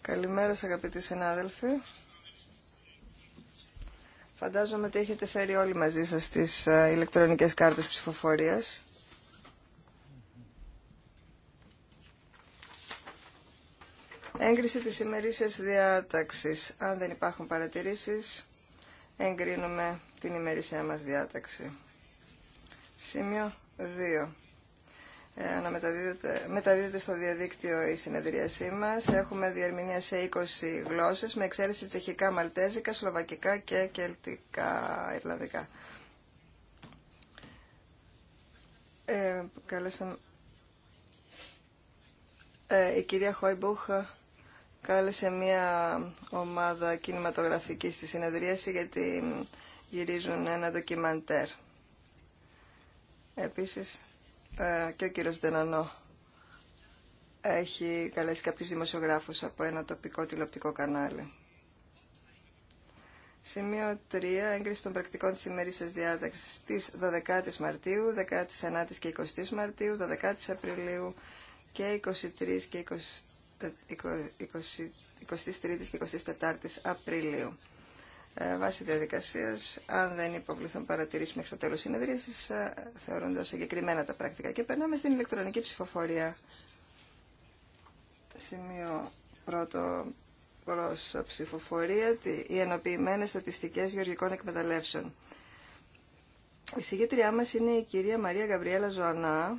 Καλημέρα σας αγαπητοί συνάδελφοι. Φαντάζομαι ότι έχετε φέρει όλοι μαζί σας τις ε, ηλεκτρονικές κάρτες ψηφοφορίας. Έγκριση της ημερήσιας διάταξης. Αν δεν υπάρχουν παρατηρήσεις, εγκρίνουμε την ημερήσια μας διάταξη. Σημείο 2. Ε, να μεταδίδεται, στο διαδίκτυο η συνεδρίασή μας. Έχουμε διερμηνία σε 20 γλώσσες, με εξαίρεση τσεχικά, μαλτέζικα, σλοβακικά και κελτικά, ιρλανδικά. Ε, ε, η κυρία Χόιμπουχ κάλεσε μια ομάδα κινηματογραφική στη συνεδρίαση γιατί γυρίζουν ένα ντοκιμαντέρ. Επίσης, ε, και ο κύριος Δενανό έχει καλέσει κάποιους δημοσιογράφους από ένα τοπικό τηλεοπτικό κανάλι. Σημείο 3. Έγκριση των πρακτικών της σα διάταξης της 12ης Μαρτίου, 19ης και 20ης Μαρτίου, 12ης Απριλίου και 23 και 23 και 24 Απριλίου. Ε, βάσει διαδικασία, αν δεν υποβληθούν παρατηρήσει μέχρι το τέλο συνεδρίαση, ε, θεωρούνται ω εγκεκριμένα τα πρακτικά. Και περνάμε στην ηλεκτρονική ψηφοφορία. Σημείο πρώτο προ ψηφοφορία, οι ενοποιημένε στατιστικέ γεωργικών εκμεταλλεύσεων. Η συγκεκριά μα είναι η κυρία Μαρία Γαβριέλα Ζωανά.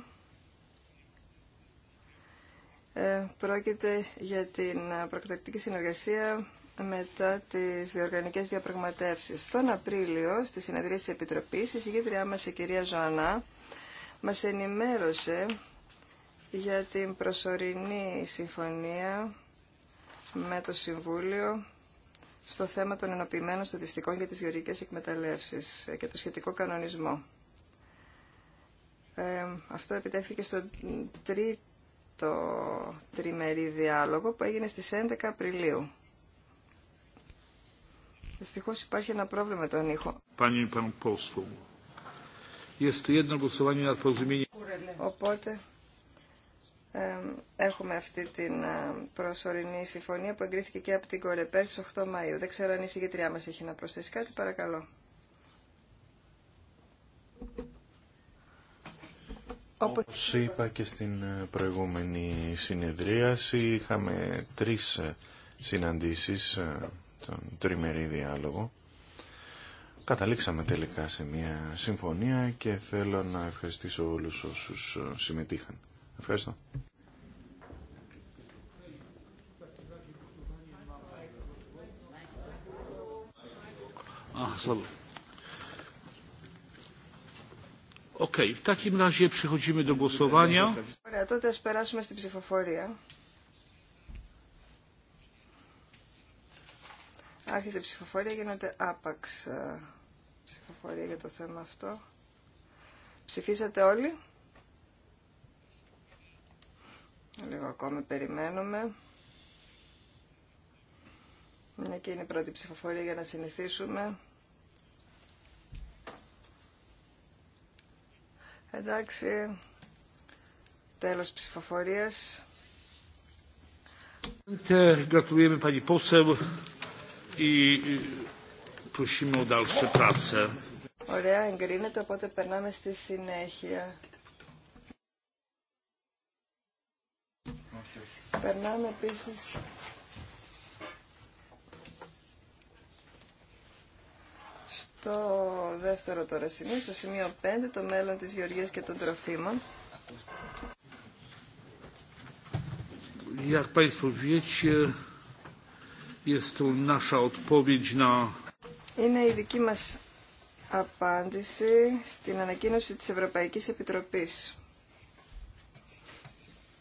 Ε, πρόκειται για την ε, προκτακτική συνεργασία μετά τις διοργανικές διαπραγματεύσεις. Τον Απρίλιο, στη συνεδρία της Επιτροπής, η συγκήτριά μας, η κυρία Ζωανά, μας ενημέρωσε για την προσωρινή συμφωνία με το Συμβούλιο στο θέμα των ενοποιημένων στατιστικών για τις γεωργικές εκμεταλλεύσεις ε, και το σχετικό κανονισμό. Ε, αυτό επιτέθηκε στο τρίτο τριμερή διάλογο που έγινε στις 11 Απριλίου. Δυστυχώς υπάρχει ένα πρόβλημα με τον ήχο. Οπότε ε, έχουμε αυτή την προσωρινή συμφωνία που εγκρίθηκε και από την Κορεπέρ στις 8 Μαΐου. Δεν ξέρω αν η συγκεκριά μας έχει να προσθέσει κάτι. Παρακαλώ. Όπως είπα και στην ε, προηγούμενη συνεδρίαση, είχαμε τρεις ε, συναντήσεις ε, τον τριμερή διάλογο. Καταλήξαμε τελικά σε μια συμφωνία και θέλω να ευχαριστήσω όλους όσους συμμετείχαν. Ευχαριστώ. Ωραία, τότε ας περάσουμε στην ψηφοφορία. Άρχεται η ψηφοφορία, γίνεται άπαξ ε, ψηφοφορία για το θέμα αυτό. Ψηφίσατε όλοι. Λίγο ακόμη περιμένουμε. Μια και είναι η πρώτη ψηφοφορία για να συνηθίσουμε. Εντάξει, τέλος ψηφοφορίας. Gratulujemy pani poseł. Ωραία, εγκρίνεται, οπότε περνάμε στη συνέχεια. Περνάμε επίσης στο δεύτερο τώρα σημείο, στο σημείο 5, το μέλλον της γεωργίας και των τροφίμων. Είναι η δική μας απάντηση στην ανακοίνωση της Ευρωπαϊκής Επιτροπής.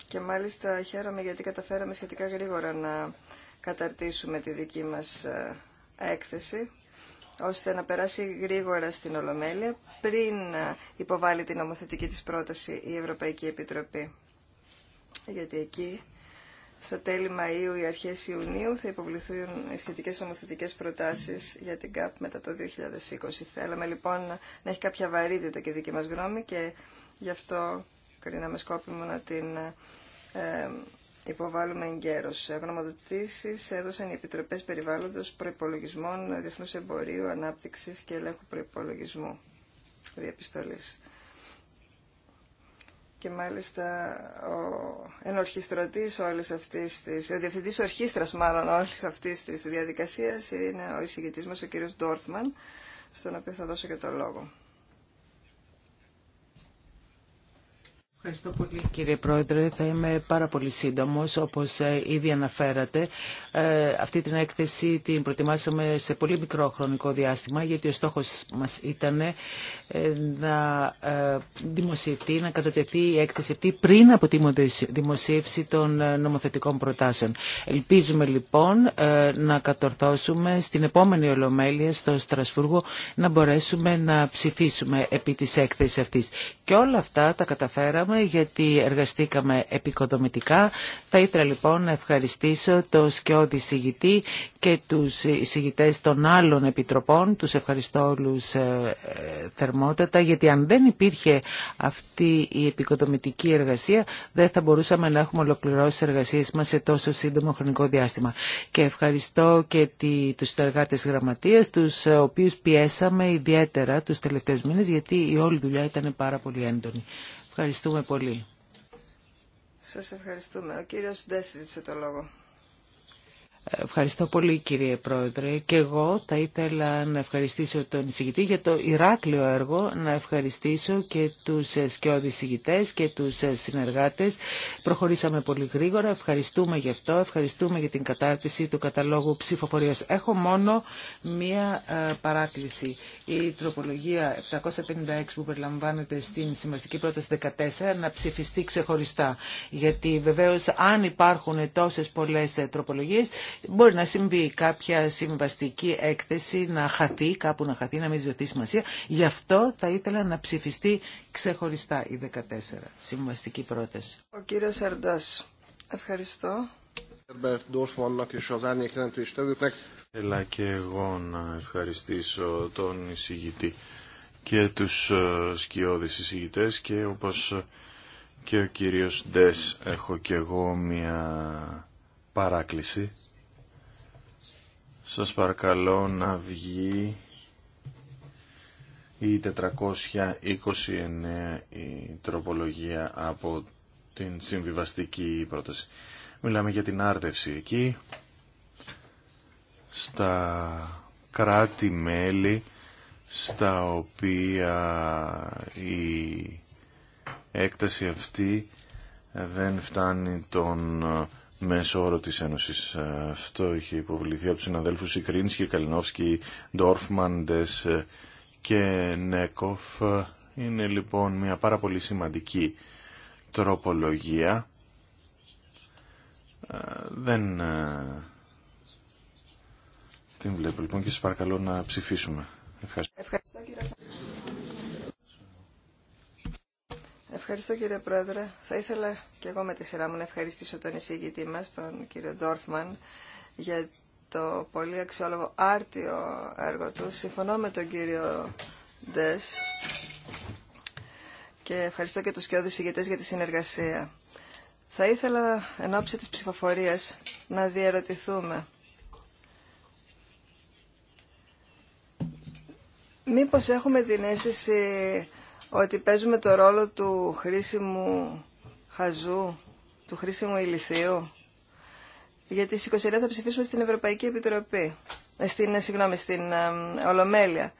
Και μάλιστα χαίρομαι γιατί καταφέραμε σχετικά γρήγορα να καταρτήσουμε τη δική μας ε, έκθεση ώστε να περάσει γρήγορα στην Ολομέλεια πριν ε, υποβάλει την νομοθετική της πρόταση η Ευρωπαϊκή Επιτροπή. Γιατί εκεί στα τέλη Μαΐου ή αρχές Ιουνίου θα υποβληθούν οι σχετικές νομοθετικές προτάσεις για την ΚΑΠ μετά το 2020. Θέλαμε λοιπόν να έχει κάποια βαρύτητα και δική μας γνώμη και γι' αυτό κρίναμε σκόπιμο να την ε, υποβάλουμε υποβάλλουμε εγκαίρως. Γνωμοδοτήσεις έδωσαν οι Επιτροπές Περιβάλλοντος Προϋπολογισμών Διεθνούς Εμπορίου, Ανάπτυξης και Ελέγχου Προϋπολογισμού Διαπιστολής και μάλιστα ο ενορχιστρωτής όλης αυτής της, ο διευθυντής ορχήστρας μάλλον όλης αυτής της διαδικασίας είναι ο εισηγητής μας, ο κύριος Ντόρφμαν, στον οποίο θα δώσω και το λόγο. Ευχαριστώ πολύ κύριε Πρόεδρε. Θα είμαι πάρα πολύ σύντομος. Όπως ε, ήδη αναφέρατε, ε, αυτή την έκθεση την προετοιμάσαμε σε πολύ μικρό χρονικό διάστημα γιατί ο στόχος μας ήταν ε, να δημοσιευτεί, να κατατεθεί η έκθεση αυτή πριν από τη δημοσίευση των νομοθετικών προτάσεων. Ελπίζουμε λοιπόν να κατορθώσουμε στην επόμενη Ολομέλεια στο Στρασβούργο να μπορέσουμε να ψηφίσουμε επί της έκθεσης αυτής. Και όλα αυτά τα καταφέραμε γιατί εργαστήκαμε επικοδομητικά. Θα ήθελα λοιπόν να ευχαριστήσω το σκιώδη συγητή και τους συγητέ των άλλων επιτροπών. Τους ευχαριστώ όλους ε, θερμότατα γιατί αν δεν υπήρχε αυτή η επικοδομητική εργασία δεν θα μπορούσαμε να έχουμε ολοκληρώσει εργασίες μας σε τόσο σύντομο χρονικό διάστημα. Και ευχαριστώ και τους συνεργάτες γραμματείας, τους ε, οποίους πιέσαμε ιδιαίτερα τους τελευταίους μήνες, γιατί η όλη δουλειά ήταν πάρα πολύ έντονη. Ευχαριστούμε πολύ. Σας ευχαριστούμε. Ο κύριος Ντέση το λόγο. Ευχαριστώ πολύ κύριε Πρόεδρε και εγώ θα ήθελα να ευχαριστήσω τον εισηγητή για το Ηράκλειο έργο, να ευχαριστήσω και τους σκιώδη εισηγητέ και τους συνεργάτες. Προχωρήσαμε πολύ γρήγορα, ευχαριστούμε γι' αυτό, ευχαριστούμε για την κατάρτιση του καταλόγου ψηφοφορίας. Έχω μόνο μία ε, παράκληση. Η τροπολογία 756 που περιλαμβάνεται στην σημαντική πρόταση 14 να ψηφιστεί ξεχωριστά. Γιατί βεβαίως αν υπάρχουν τόσες πολλές ε, τροπολογίες Μπορεί να συμβεί κάποια συμβαστική έκθεση να χαθεί, κάπου να χαθεί, να μην ζητήσει σημασία. Γι' αυτό θα ήθελα να ψηφιστεί ξεχωριστά η 14 συμβαστική πρόταση. Ο κύριος Αρντά. Ευχαριστώ. Έλα και εγώ να ευχαριστήσω τον εισηγητή και τους ε, σκιώδεις εισηγητές και όπως ε, και ο κύριος Ντες έχω και εγώ μια παράκληση σας παρακαλώ να βγει η 429 η τροπολογία από την συμβιβαστική πρόταση. Μιλάμε για την άρδευση εκεί. Στα κράτη-μέλη στα οποία η έκταση αυτή δεν φτάνει τον μέσω όρο της Ένωσης. Ε, αυτό είχε υποβληθεί από τους συναδέλφους Ικρίνσκι, Καλινόφσκι, Ντόρφμαν, ε, και Νέκοφ. Είναι λοιπόν μια πάρα πολύ σημαντική τροπολογία. Ε, δεν την βλέπω λοιπόν και σας παρακαλώ να ψηφίσουμε. Ευχαριστώ. Ευχαριστώ κύριε Πρόεδρε. Θα ήθελα και εγώ με τη σειρά μου να ευχαριστήσω τον εισηγητή μας, τον κύριο Ντόρφμαν, για το πολύ αξιόλογο άρτιο έργο του. Συμφωνώ με τον κύριο Ντες και ευχαριστώ και τους κοιόδης εισηγητές για τη συνεργασία. Θα ήθελα εν ώψη της ψηφοφορίας να διαρωτηθούμε. Μήπως έχουμε την αίσθηση ότι παίζουμε το ρόλο του χρήσιμου χαζού, του χρήσιμου ηλιθίου. Γιατί στις 29 θα ψηφίσουμε στην Ευρωπαϊκή Επιτροπή, ε, στην, ε, συγγνώμη, στην ε, Ολομέλεια.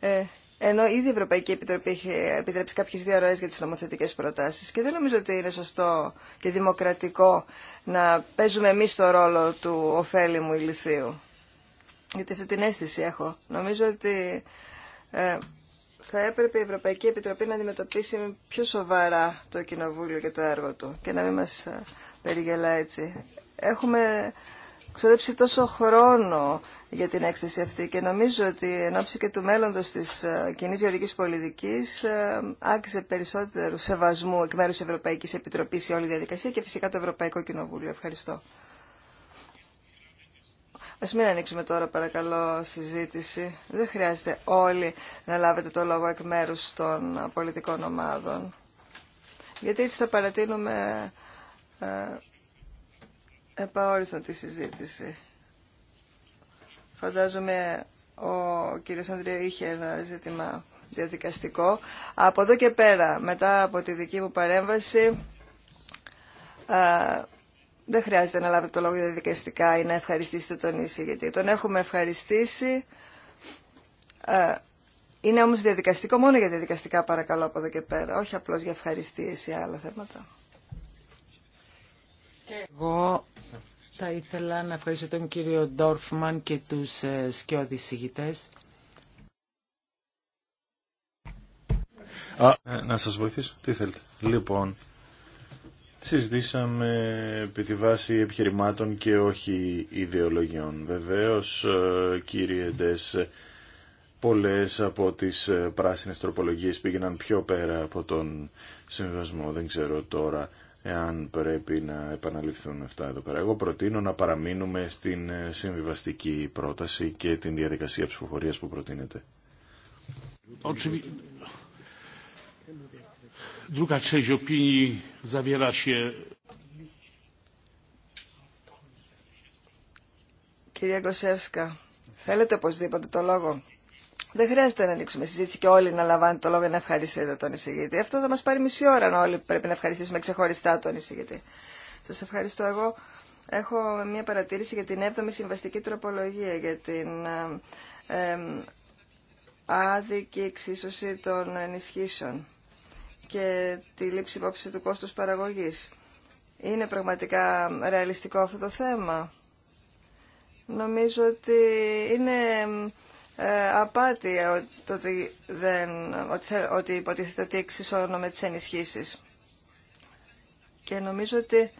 Ε, ενώ ήδη η Ευρωπαϊκή Επιτροπή έχει επιτρέψει κάποιες διαρροές για τις νομοθετικές προτάσεις και δεν νομίζω ότι είναι σωστό και δημοκρατικό να παίζουμε εμείς το ρόλο του ωφέλιμου ηλιθίου. Γιατί αυτή την αίσθηση έχω. Νομίζω ότι θα έπρεπε η Ευρωπαϊκή Επιτροπή να αντιμετωπίσει πιο σοβαρά το Κοινοβούλιο και το έργο του και να μην μας ε, περιγελά έτσι. Έχουμε ξοδέψει τόσο χρόνο για την έκθεση αυτή και νομίζω ότι εν ώψη και του μέλλοντος της ε, κοινή γεωργικής πολιτικής ε, άκουσε περισσότερου σεβασμού εκ μέρους της Ευρωπαϊκής Επιτροπής η όλη διαδικασία και φυσικά το Ευρωπαϊκό Κοινοβούλιο. Ευχαριστώ. Ας μην ανοίξουμε τώρα παρακαλώ συζήτηση. Δεν χρειάζεται όλοι να λάβετε το λόγο εκ μέρους των πολιτικών ομάδων. Γιατί έτσι θα παρατείνουμε ε, τη συζήτηση. Φαντάζομαι ο κύριος Ανδρία είχε ένα ζήτημα διαδικαστικό. Από εδώ και πέρα, μετά από τη δική μου παρέμβαση, ε, δεν χρειάζεται να λάβετε το λόγο διαδικαστικά ή να ευχαριστήσετε τον ίσιο γιατί τον έχουμε ευχαριστήσει. Ε, είναι όμως διαδικαστικό, μόνο για διαδικαστικά παρακαλώ από εδώ και πέρα, όχι απλώς για ευχαριστήσεις ή άλλα θέματα. Και εγώ θα ήθελα να ευχαριστήσω τον κύριο Ντόρφμαν και τους ε, σκιώδης συγητές. Ε, να σας βοηθήσω. Τι θέλετε. Λοιπόν, συζητήσαμε επί τη βάση επιχειρημάτων και όχι ιδεολογιών. Βεβαίως, ε, κύριε Ντες, πολλές από τις ε, πράσινες τροπολογίες πήγαιναν πιο πέρα από τον συμβασμό. Δεν ξέρω τώρα εάν πρέπει να επαναληφθούν αυτά εδώ πέρα. Εγώ προτείνω να παραμείνουμε στην ε, συμβιβαστική πρόταση και την διαδικασία ψηφοφορία που προτείνεται zawiera się... Κυρία Γκοσεύσκα, θέλετε οπωσδήποτε το λόγο. Δεν χρειάζεται να ανοίξουμε συζήτηση και όλοι να λαμβάνετε το λόγο για να ευχαριστείτε τον εισηγητή. Αυτό θα μα πάρει μισή ώρα να όλοι πρέπει να ευχαριστήσουμε ξεχωριστά τον εισηγητή. Σα ευχαριστώ. Εγώ έχω μια παρατήρηση για την 7η συμβαστική τροπολογία, για την ε, ε, άδικη εξίσωση των ενισχύσεων και τη λήψη υπόψη του κόστους παραγωγής. Είναι πραγματικά ρεαλιστικό αυτό το θέμα. Νομίζω ότι είναι ε, απάτη ότι, δεν, ότι, υποτίθεται ότι με τις ενισχύσεις. Και νομίζω ότι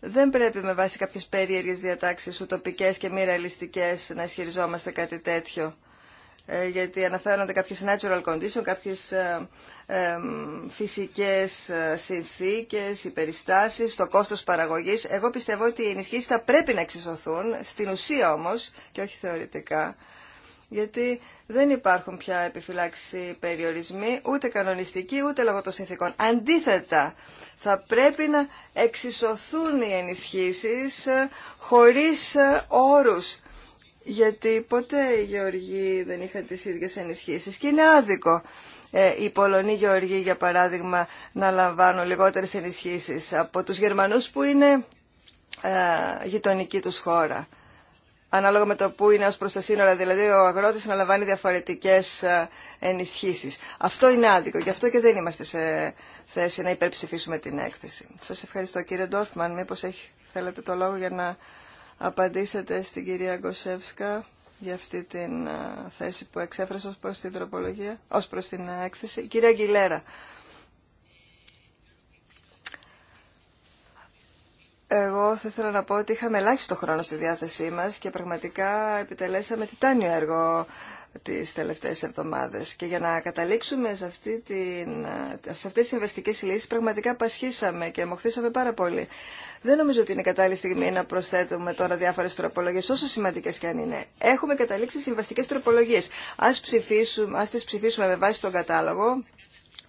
δεν πρέπει με βάση κάποιες περίεργες διατάξεις ουτοπικές και μη ρεαλιστικές να ισχυριζόμαστε κάτι τέτοιο. Ε, γιατί αναφέρονται κάποιες natural conditions, κάποιες ε, ε, φυσικές συνθήκες, υπεριστάσεις, το κόστος παραγωγής. Εγώ πιστεύω ότι οι ενισχύσεις θα πρέπει να εξισωθούν, στην ουσία όμως και όχι θεωρητικά, γιατί δεν υπάρχουν πια επιφυλάξει περιορισμοί, ούτε κανονιστικοί, ούτε λόγω των συνθήκων. Αντίθετα, θα πρέπει να εξισωθούν οι ενισχύσεις χωρίς όρους γιατί ποτέ οι γεωργοί δεν είχαν τις ίδιες ενισχύσεις και είναι άδικο ε, οι Πολωνοί γεωργοί για παράδειγμα να λαμβάνουν λιγότερες ενισχύσεις από τους Γερμανούς που είναι ε, γειτονική τους χώρα. Ανάλογα με το που είναι ως προς τα σύνορα, δηλαδή ο αγρότης να λαμβάνει διαφορετικές ε, ενισχύσεις. Αυτό είναι άδικο, γι' αυτό και δεν είμαστε σε θέση να υπερψηφίσουμε την έκθεση. Σας ευχαριστώ κύριε Ντόρφμαν, μήπως έχει, θέλετε το λόγο για να Απαντήσατε στην κυρία Γκοσεύσκα για αυτή την θέση που εξέφρασε ως προς την τροπολογία, ως προς την έκθεση. Κυρία Αγγιλέρα, εγώ θα ήθελα να πω ότι είχαμε ελάχιστο χρόνο στη διάθεσή μας και πραγματικά επιτελέσαμε τιτάνιο έργο τις τελευταίες εβδομάδες. Και για να καταλήξουμε σε, αυτή την, σε αυτές τις λύσεις πραγματικά πασχίσαμε και μοχθήσαμε πάρα πολύ. Δεν νομίζω ότι είναι κατάλληλη στιγμή να προσθέτουμε τώρα διάφορε τροπολογίε, όσο σημαντικέ και αν είναι. Έχουμε καταλήξει συμβαστικέ τροπολογίε. Α ψηφίσουμε, ας ψηφίσουμε με βάση τον κατάλογο,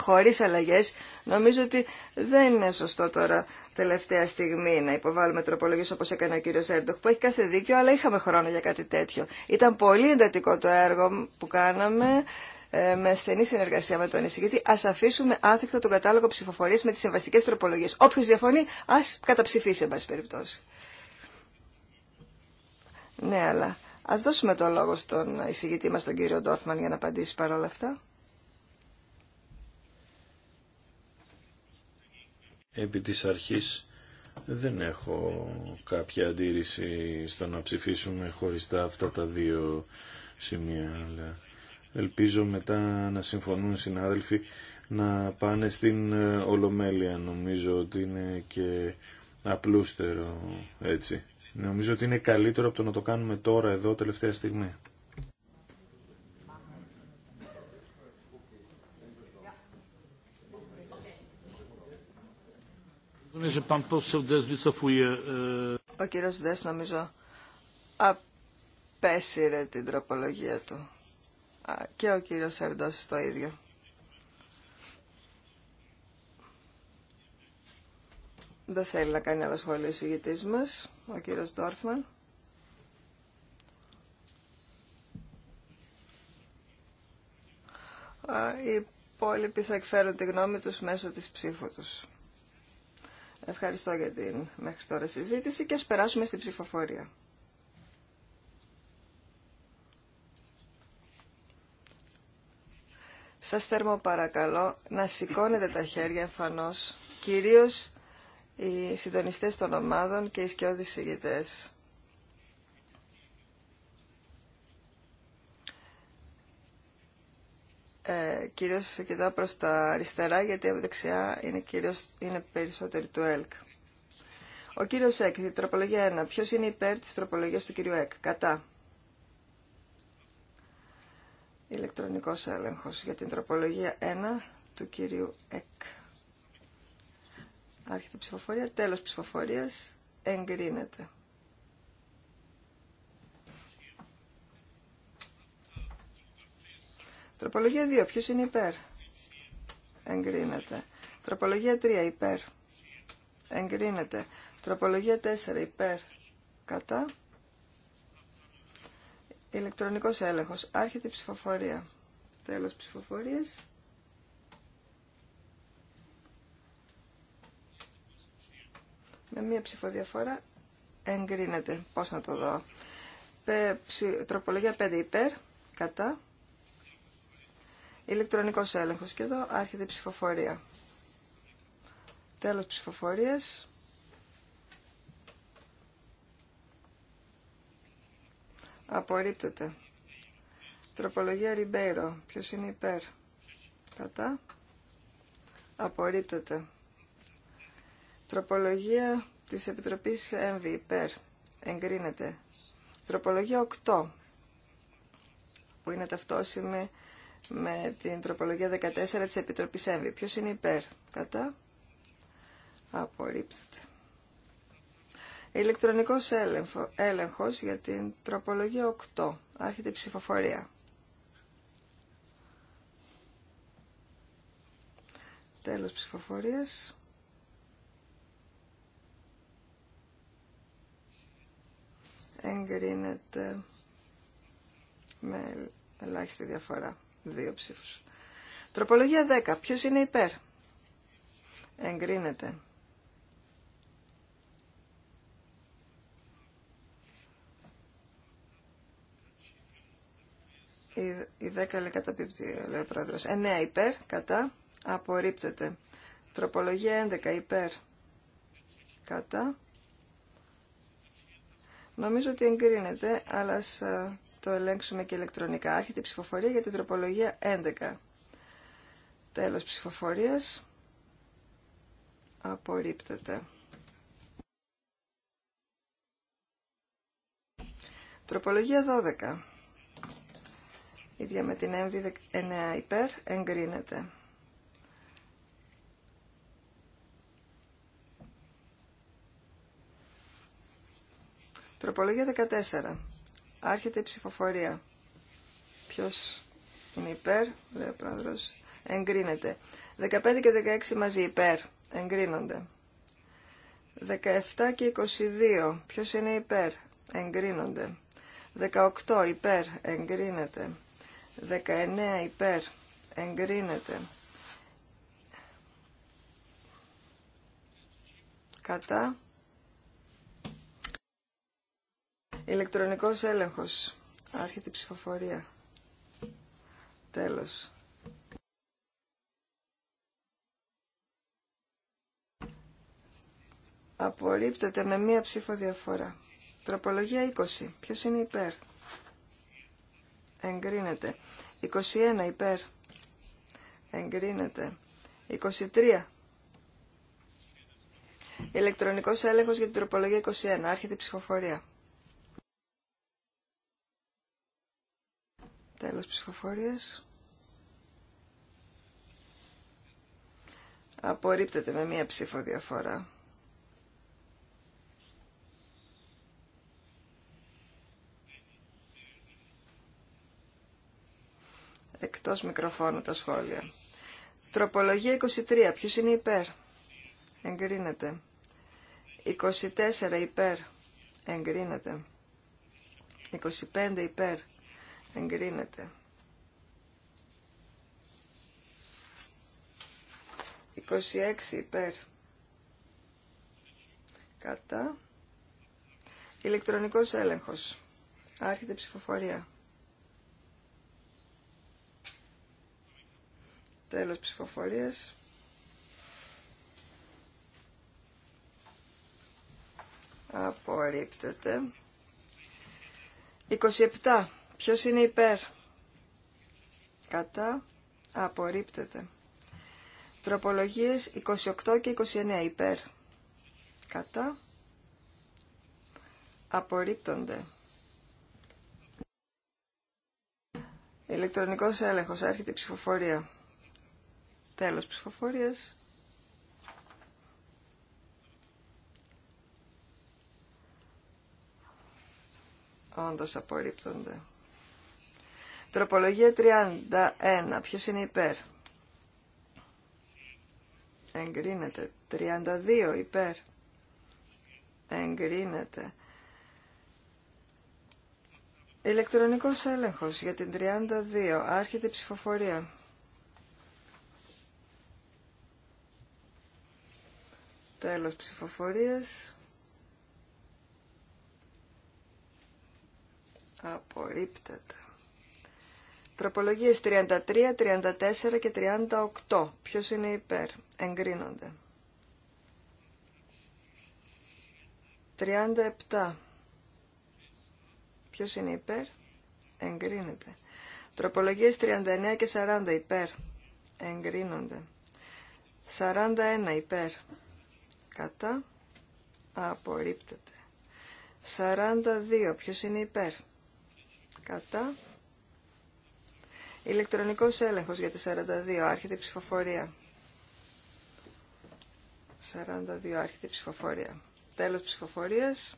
χωρί αλλαγέ. Νομίζω ότι δεν είναι σωστό τώρα τελευταία στιγμή να υποβάλουμε τροπολογίε, όπω έκανε ο κύριος Έρντοχ που έχει κάθε δίκιο αλλά είχαμε χρόνο για κάτι τέτοιο. Ήταν πολύ εντατικό το έργο που κάναμε ε, με στενή συνεργασία με τον εισηγητή, α αφήσουμε άθικτο τον κατάλογο ψηφοφορία με τι συμβαστικέ τροπολογίε. Όποιο διαφωνεί, α καταψηφίσει, εν πάση περιπτώσει. Ναι, αλλά α δώσουμε το λόγο στον εισηγητή μα, τον κύριο Ντόρφμαν, για να απαντήσει παρόλα αυτά. επί της αρχής δεν έχω κάποια αντίρρηση στο να ψηφίσουμε χωριστά αυτά τα δύο σημεία, αλλά ελπίζω μετά να συμφωνούν οι συνάδελφοι να πάνε στην ε, Ολομέλεια. Νομίζω ότι είναι και απλούστερο έτσι. Νομίζω ότι είναι καλύτερο από το να το κάνουμε τώρα εδώ τελευταία στιγμή. E, ο κύριος Δες νομίζω απέσυρε την τροπολογία του. Και ο κύριος Ερντός το ίδιο. Δεν θέλει να κάνει άλλο σχόλιο ο συγητής μας, ο κύριος Ντόρφμαν. Οι υπόλοιποι θα εκφέρουν τη γνώμη τους μέσω της ψήφου τους. Ευχαριστώ για την μέχρι τώρα συζήτηση και ας περάσουμε στην ψηφοφορία. Σας θέρμο παρακαλώ να σηκώνετε τα χέρια εμφανώς, κυρίως οι συντονιστές των ομάδων και οι σκιώδεις ηγητές. ε, κυρίως κοιτάω προς τα αριστερά γιατί από δεξιά είναι, κυρίως, είναι του ΕΛΚ. Ο κύριος ΕΚ, η τροπολογία 1. Ποιος είναι υπέρ της τροπολογίας του κύριου ΕΚ. Κατά. Ηλεκτρονικός έλεγχος για την τροπολογία 1 του κύριου ΕΚ. Άρχεται η ψηφοφορία. Τέλος ψηφοφορίας. Εγκρίνεται. Τροπολογία 2. Ποιος είναι υπέρ. Εγκρίνεται. Τροπολογία 3. Υπέρ. Εγκρίνεται. Τροπολογία 4. Υπέρ. Κατά. Ηλεκτρονικός έλεγχος. Άρχεται η ψηφοφορία. Τέλος ψηφοφορίας. Με μία ψηφοδιαφορά εγκρίνεται. Πώς να το δω. Τροπολογία 5 υπέρ. Κατά. Ηλεκτρονικός έλεγχος και εδώ άρχεται η ψηφοφορία. Τέλος ψηφοφορίας. Απορρίπτεται. Τροπολογία Ριμπέιρο. Ποιος είναι υπέρ. Κατά. Απορρίπτεται. Τροπολογία της Επιτροπής Έμβι. Υπέρ. Εγκρίνεται. Τροπολογία 8. Που είναι ταυτόσιμη με την τροπολογία 14 της Επιτροπής ΕΒΗ. Ποιος είναι υπέρ, κατά, απορρίπτεται. Ηλεκτρονικός έλεγχο, έλεγχος για την τροπολογία 8. Άρχεται η ψηφοφορία. Τέλος ψηφοφορίας. Εγκρίνεται με ελάχιστη διαφορά. Δύο ψήφους. Τροπολογία 10. Ποιος είναι υπέρ. Εγκρίνεται. Η 10 λέει καταπίπτει, λέει ο πρόεδρος. 9 υπέρ, κατά, απορρίπτεται. Τροπολογία 11 υπέρ, κατά. Νομίζω ότι εγκρίνεται, αλλά το ελέγξουμε και ηλεκτρονικά. Άρχεται η ψηφοφορία για την τροπολογία 11. Τέλος ψηφοφορίας. Απορρίπτεται. Τροπολογία 12. Ίδια με την έμβη 9 υπέρ εγκρίνεται. Τροπολογία 14. Άρχεται η ψηφοφορία. Ποιο είναι υπέρ, λέει ο πρόεδρο, Εγκρίνεται. 15 και 16 μαζί υπέρ. Εγκρίνονται. 17 και 22. Ποιος είναι υπέρ. Εγκρίνονται. 18 υπέρ. Εγκρίνεται. 19 υπέρ. Εγκρίνεται. Κατά. Ηλεκτρονικός έλεγχος. Άρχεται η ψηφοφορία. Τέλος. Απορρίπτεται με μία ψήφο διαφορά. Τροπολογία 20. Ποιος είναι υπέρ. Εγκρίνεται. 21 υπέρ. Εγκρίνεται. 23. Ηλεκτρονικός έλεγχος για την τροπολογία 21. Άρχεται η ψηφοφορία. Τέλος ψηφοφορίας. Απορρίπτεται με μία ψήφο διαφορά. Εκτός μικροφώνου τα σχόλια. Τροπολογία 23. Ποιος είναι υπέρ. Εγκρίνεται. 24 υπέρ. Εγκρίνεται. 25 υπέρ Εγκρίνεται. 26 υπέρ. Κατά. Ηλεκτρονικός έλεγχος. Άρχεται ψηφοφορία. Τέλος ψηφοφορίας. Απορρίπτεται. 27 Ποιος είναι υπέρ. Κατά. Απορρίπτεται. Τροπολογίες 28 και 29 υπέρ. Κατά. Απορρίπτονται. Ηλεκτρονικός έλεγχος. έρχεται η ψηφοφορία. Τέλος ψηφοφορίας. Όντως απορρίπτονται. Τροπολογία 31. Ποιο είναι υπέρ. Εγκρίνεται. 32 υπέρ. Εγκρίνεται. Ηλεκτρονικός έλεγχος για την 32. Άρχεται η ψηφοφορία. Τέλος ψηφοφορίας. Απορρίπτεται. Τροπολογίες 33, 34 και 38. Ποιος είναι υπέρ. Εγκρίνονται. 37. Ποιος είναι υπέρ. Εγκρίνεται. Τροπολογίες 39 και 40 υπέρ. Εγκρίνονται. 41 υπέρ. Κατά. Απορρίπτεται. 42. Ποιος είναι υπέρ. Κατά. Ηλεκτρονικός έλεγχος για τη 42. Άρχεται η ψηφοφορία. 42. Άρχεται η ψηφοφορία. Τέλος ψηφοφορίας.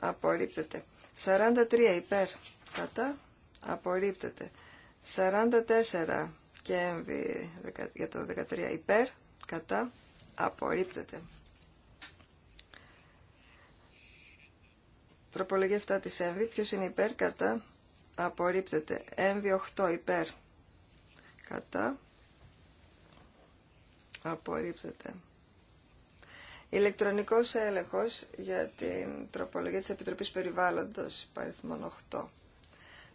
Απορρίπτεται. 43 υπέρ. Κατά. Απορρίπτεται. 44 και έμβη για το 13 υπέρ. Κατά. Απορρίπτεται. Τροπολογία 7 της ΕΜΒ. Ποιος είναι υπέρ, κατά. Απορρίπτεται. ΕΜΒ 8 υπέρ. Κατά. Απορρίπτεται. Ηλεκτρονικός έλεγχος για την τροπολογία της Επιτροπής Περιβάλλοντος, παριθμόν 8.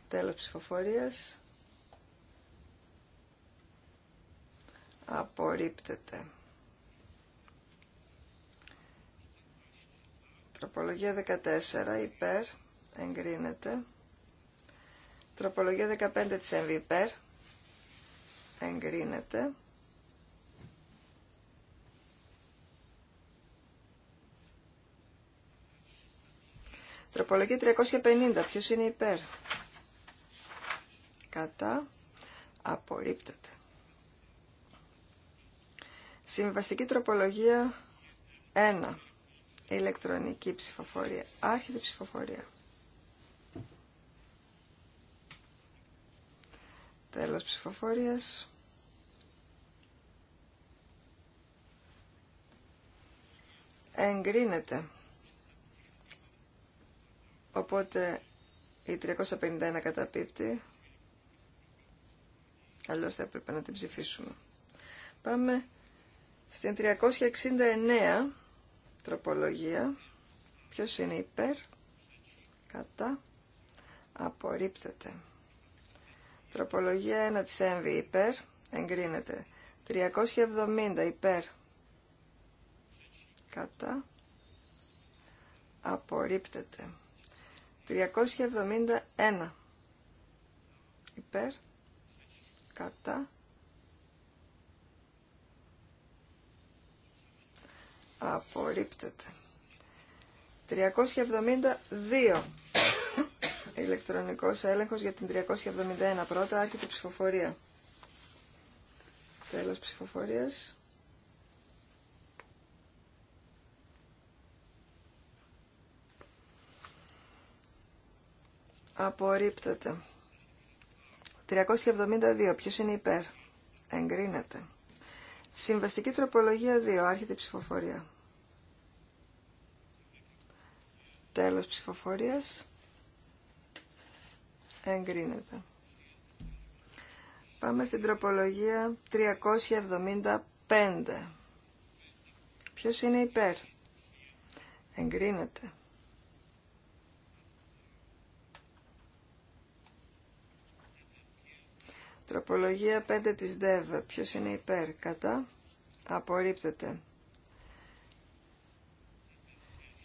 Τέλος ψηφοφορίας. Απορρίπτεται. Τροπολογία 14 υπέρ, εγκρίνεται. Τροπολογία 15 της ΕΜΒ υπέρ, εγκρίνεται. Τροπολογία 350, ποιος είναι υπέρ. Κατά, απορρίπτεται. Συμβαστική τροπολογία 1 ηλεκτρονική ψηφοφορία. Άρχεται ψηφοφορία. Τέλος ψηφοφορίας. Εγκρίνεται. Οπότε η 351 καταπίπτει. Αλλιώς θα έπρεπε να την ψηφίσουμε. Πάμε στην 369 τροπολογία. Ποιος είναι υπέρ, κατά, απορρίπτεται. Τροπολογία 1 της έμβη υπέρ, εγκρίνεται. 370 υπέρ, κατά, απορρίπτεται. 371 υπέρ, κατά, Απορρίπτεται. 372. Ηλεκτρονικός έλεγχος για την 371. Πρώτα άρχεται η ψηφοφορία. Τέλος ψηφοφορίας. Απορρίπτεται. 372. Ποιος είναι υπέρ. Εγκρίνεται. Συμβαστική τροπολογία 2. Άρχεται η ψηφοφορία. Τέλος ψηφοφορίας. Εγκρίνεται. Πάμε στην τροπολογία 375. Ποιος είναι υπέρ. Εγκρίνεται. Τροπολογία 5 της ΔΕΒ. Ποιος είναι υπέρ. Κατά. Απορρίπτεται.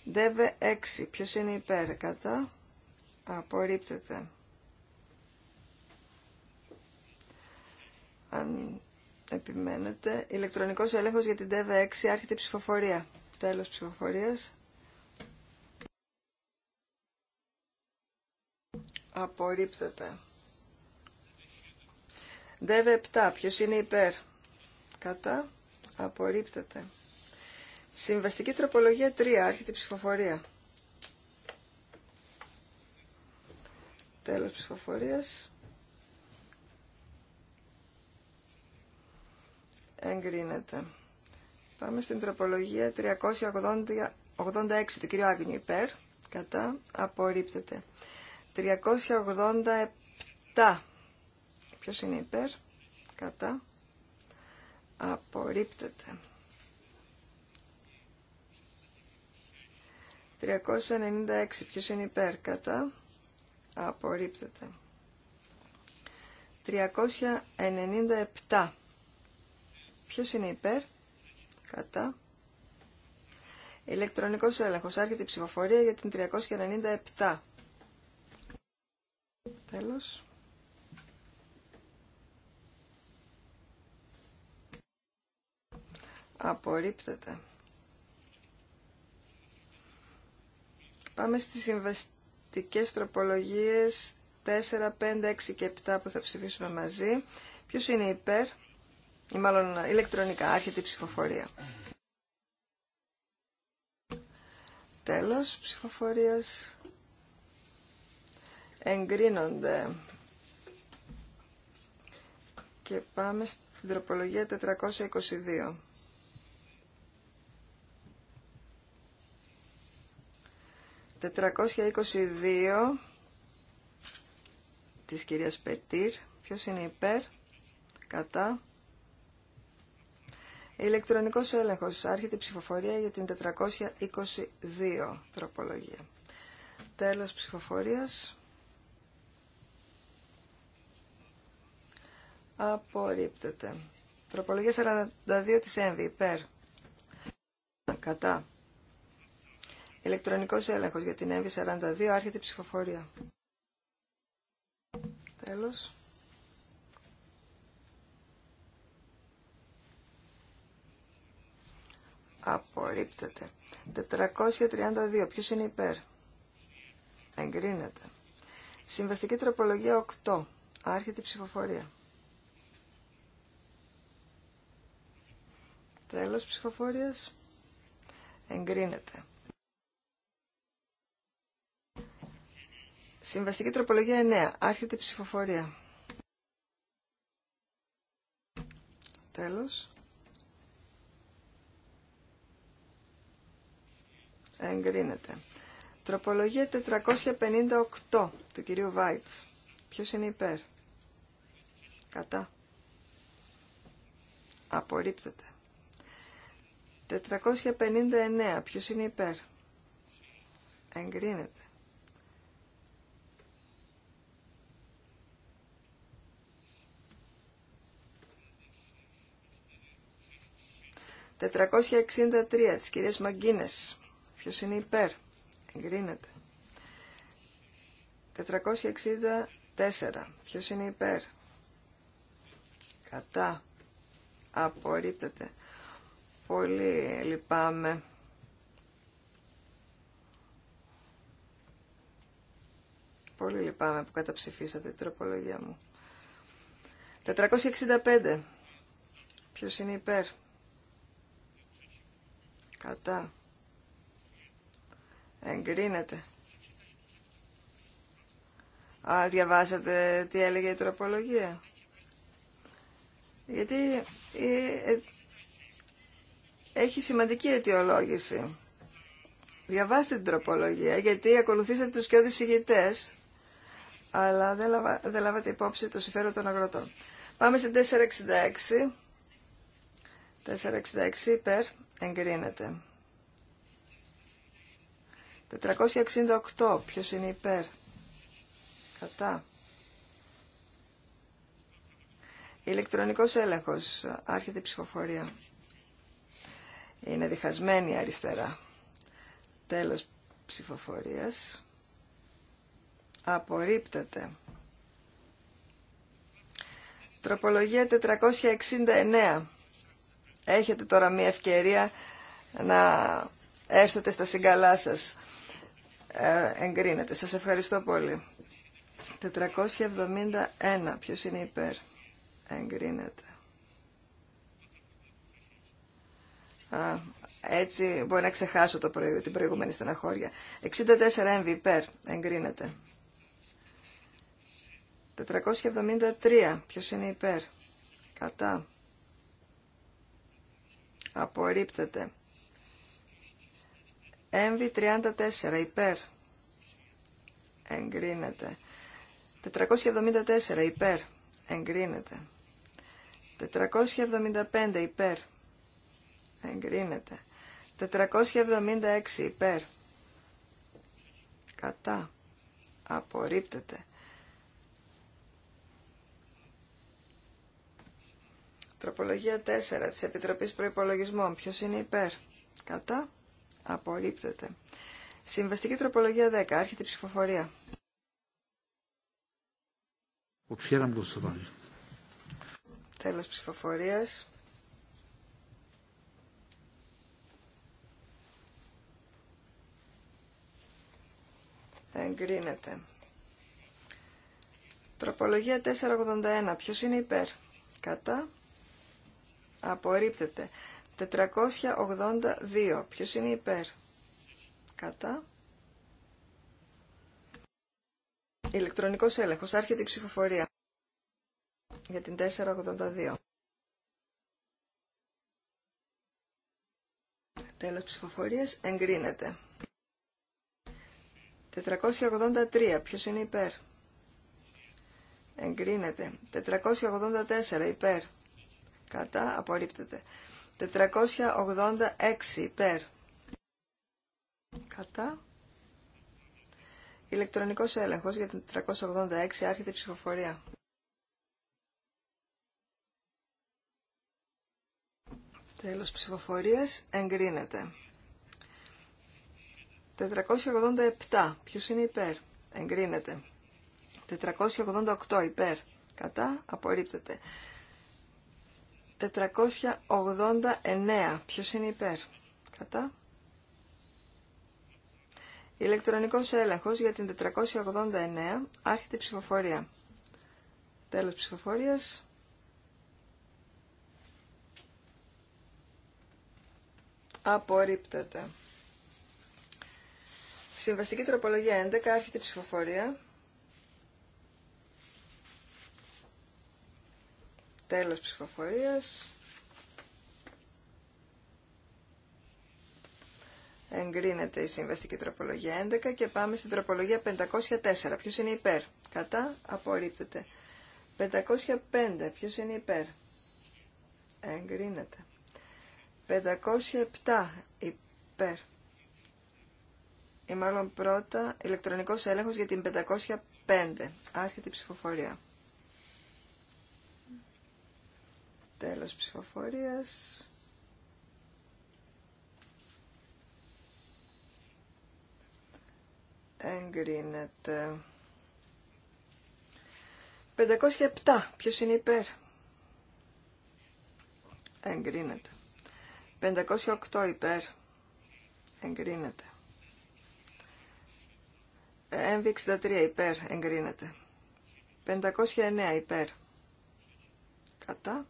ΔΕΒ 6. Ποιος είναι υπέρ. Κατά. Απορρίπτεται. Αν επιμένετε. Ηλεκτρονικός έλεγχος για την ΔΕΒ 6. Άρχεται η ψηφοφορία. Τέλος ψηφοφορίας. Απορρίπτεται. ΔΕΒΕ 7. Ποιος είναι υπέρ. Κατά. Απορρίπτεται. Συμβαστική τροπολογία 3. Άρχεται η ψηφοφορία. Τέλος ψηφοφορίας. Εγκρίνεται. Πάμε στην τροπολογία 386 του κύριου Άγγινου. υπέρ. Κατά. Απορρίπτεται. 387 Ποιος είναι υπέρ, κατά, απορρίπτεται. 396. Ποιος είναι υπέρ, κατά, απορρίπτεται. 397. Ποιος είναι υπέρ, κατά. Ηλεκτρονικός έλεγχος. Άρχεται η ψηφοφορία για την 397. Τέλος. Απορρίπτεται. Πάμε στις συμβαστικές τροπολογίες 4, 5, 6 και 7 που θα ψηφίσουμε μαζί. Ποιος είναι υπέρ, ή μάλλον ηλεκτρονικά, άρχεται η ψηφοφορία. Τέλος ψηφοφορίας. Εγκρίνονται. Και πάμε στην τροπολογία 422. 422 της κυρίας Πετήρ. Ποιος είναι υπέρ, κατά. Ηλεκτρονικός έλεγχος. Άρχεται η ψηφοφορία για την 422 τροπολογία. Τέλος ψηφοφορίας. Απορρίπτεται. Τροπολογία 42 της ΕΜΒΗ. Υπέρ. Κατά. Ηλεκτρονικός έλεγχος για την ΕΜΒΙ 42 Άρχεται η ψηφοφορία. Τέλος. Απορρίπτεται. 432. Ποιος είναι υπέρ. Εγκρίνεται. Συμβαστική τροπολογία 8. Άρχεται η ψηφοφορία. Τέλος ψηφοφορίας. Εγκρίνεται. Συμβαστική τροπολογία 9. Άρχεται η ψηφοφορία. Τέλος. Εγκρίνεται. Τροπολογία 458 του κυρίου Βάιτς. Ποιος είναι υπέρ. Κατά. Απορρίπτεται. 459. Ποιος είναι υπέρ. Εγκρίνεται. 463 της κυρίας Μαγκίνες. Ποιος είναι υπέρ. Εγκρίνεται. 464. Ποιος είναι υπέρ. Κατά. Απορρίπτεται. Πολύ λυπάμαι. Πολύ λυπάμαι που καταψηφίσατε την τροπολογία μου. 465. Ποιος είναι υπέρ. Κατά. Εγκρίνεται. Α, διαβάσατε τι έλεγε η τροπολογία. Γιατί ε, ε, έχει σημαντική αιτιολόγηση. Διαβάστε την τροπολογία, γιατί ακολουθήσατε τους και ηγητές, αλλά δεν, δεν λάβατε υπόψη το συμφέρον των αγροτών. Πάμε στην 466 466 υπέρ εγκρίνεται. 468 ποιος είναι υπέρ. Κατά. Ηλεκτρονικός έλεγχος. Άρχεται η ψηφοφορία. Είναι διχασμένη αριστερά. Τέλος ψηφοφορίας. Απορρίπτεται. Τροπολογία 469. Έχετε τώρα μία ευκαιρία να έρθετε στα συγκαλά σας. Ε, εγκρίνετε. Σας ευχαριστώ πολύ. 471. Ποιος είναι υπέρ. Εγκρίνεται. Α, έτσι μπορεί να ξεχάσω το την προηγούμενη στεναχώρια. 64 MV υπέρ. Εγκρίνεται. 473. Ποιος είναι υπέρ. Κατά απορρίπτεται. MV34 υπέρ εγκρίνεται. 474 υπέρ εγκρίνεται. 475 υπέρ εγκρίνεται. 476 υπέρ κατά απορρίπτεται. Τροπολογία 4 της Επιτροπής Προϋπολογισμών. Ποιος είναι υπέρ. Κατά. Απορρίπτεται. Συμβαστική τροπολογία 10. Άρχεται η ψηφοφορία. Τέλος ψηφοφορίας. Εγκρίνεται. Τροπολογία 481. Ποιος είναι υπέρ. Κατά. Απορρίπτεται. 482. Ποιος είναι υπέρ. Κατά. Ηλεκτρονικός έλεγχος. Άρχεται η ψηφοφορία. Για την 482. Τέλος ψηφοφορίας. Εγκρίνεται. 483. Ποιος είναι υπέρ. Εγκρίνεται. 484. Υπέρ κατά απορρίπτεται. 486 υπέρ κατά ηλεκτρονικός έλεγχος για την 486 άρχεται η ψηφοφορία. Τέλος ψηφοφορίας εγκρίνεται. 487 ποιος είναι υπέρ εγκρίνεται. 488 υπέρ κατά απορρίπτεται. 489. Ποιος είναι υπέρ. Κατά. Ηλεκτρονικός έλεγχος για την 489. Άρχεται η ψηφοφορία. Τέλος ψηφοφορίας. Απορρίπτεται. Συμβαστική τροπολογία 11. Άρχεται η ψηφοφορία. Τέλος ψηφοφορίας. Εγκρίνεται η συμβαστική τροπολογία 11 και πάμε στην τροπολογία 504. Ποιος είναι υπέρ. Κατά. Απορρίπτεται. 505. Ποιος είναι υπέρ. Εγκρίνεται. 507. Υπέρ. Ή μάλλον πρώτα ηλεκτρονικός έλεγχος για την 505. Άρχεται η ψηφοφορία. Τέλος ψηφοφορίας. Εγκρίνεται. 507. Ποιος είναι υπέρ. Εγκρίνεται. 508 υπέρ. Εγκρίνεται. MV63 υπέρ. Εγκρίνεται. 509 υπέρ. Κατά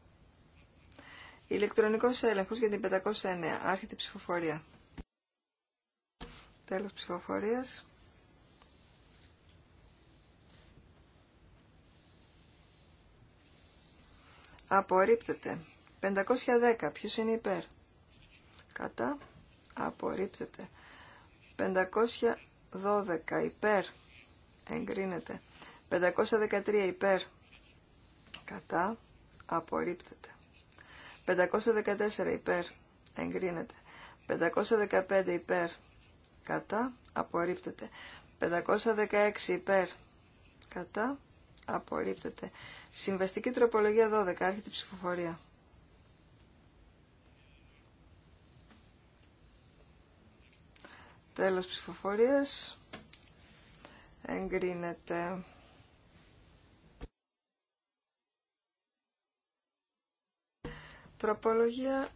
ηλεκτρονικό έλεγχο για την 509. Άρχεται η ψηφοφορία. Τέλος ψηφοφορίας. Απορρίπτεται. 510. Ποιο είναι υπέρ. Κατά. Απορρίπτεται. 512. Υπέρ. Εγκρίνεται. 513. Υπέρ. Κατά. Απορρίπτεται. 514 υπέρ. Εγκρίνεται. 515 υπέρ. Κατά. Απορρίπτεται. 516 υπέρ. Κατά. Απορρίπτεται. Συμβαστική τροπολογία 12. Άρχεται η ψηφοφορία. Τέλος ψηφοφορίας. Εγκρίνεται. Τροπολογία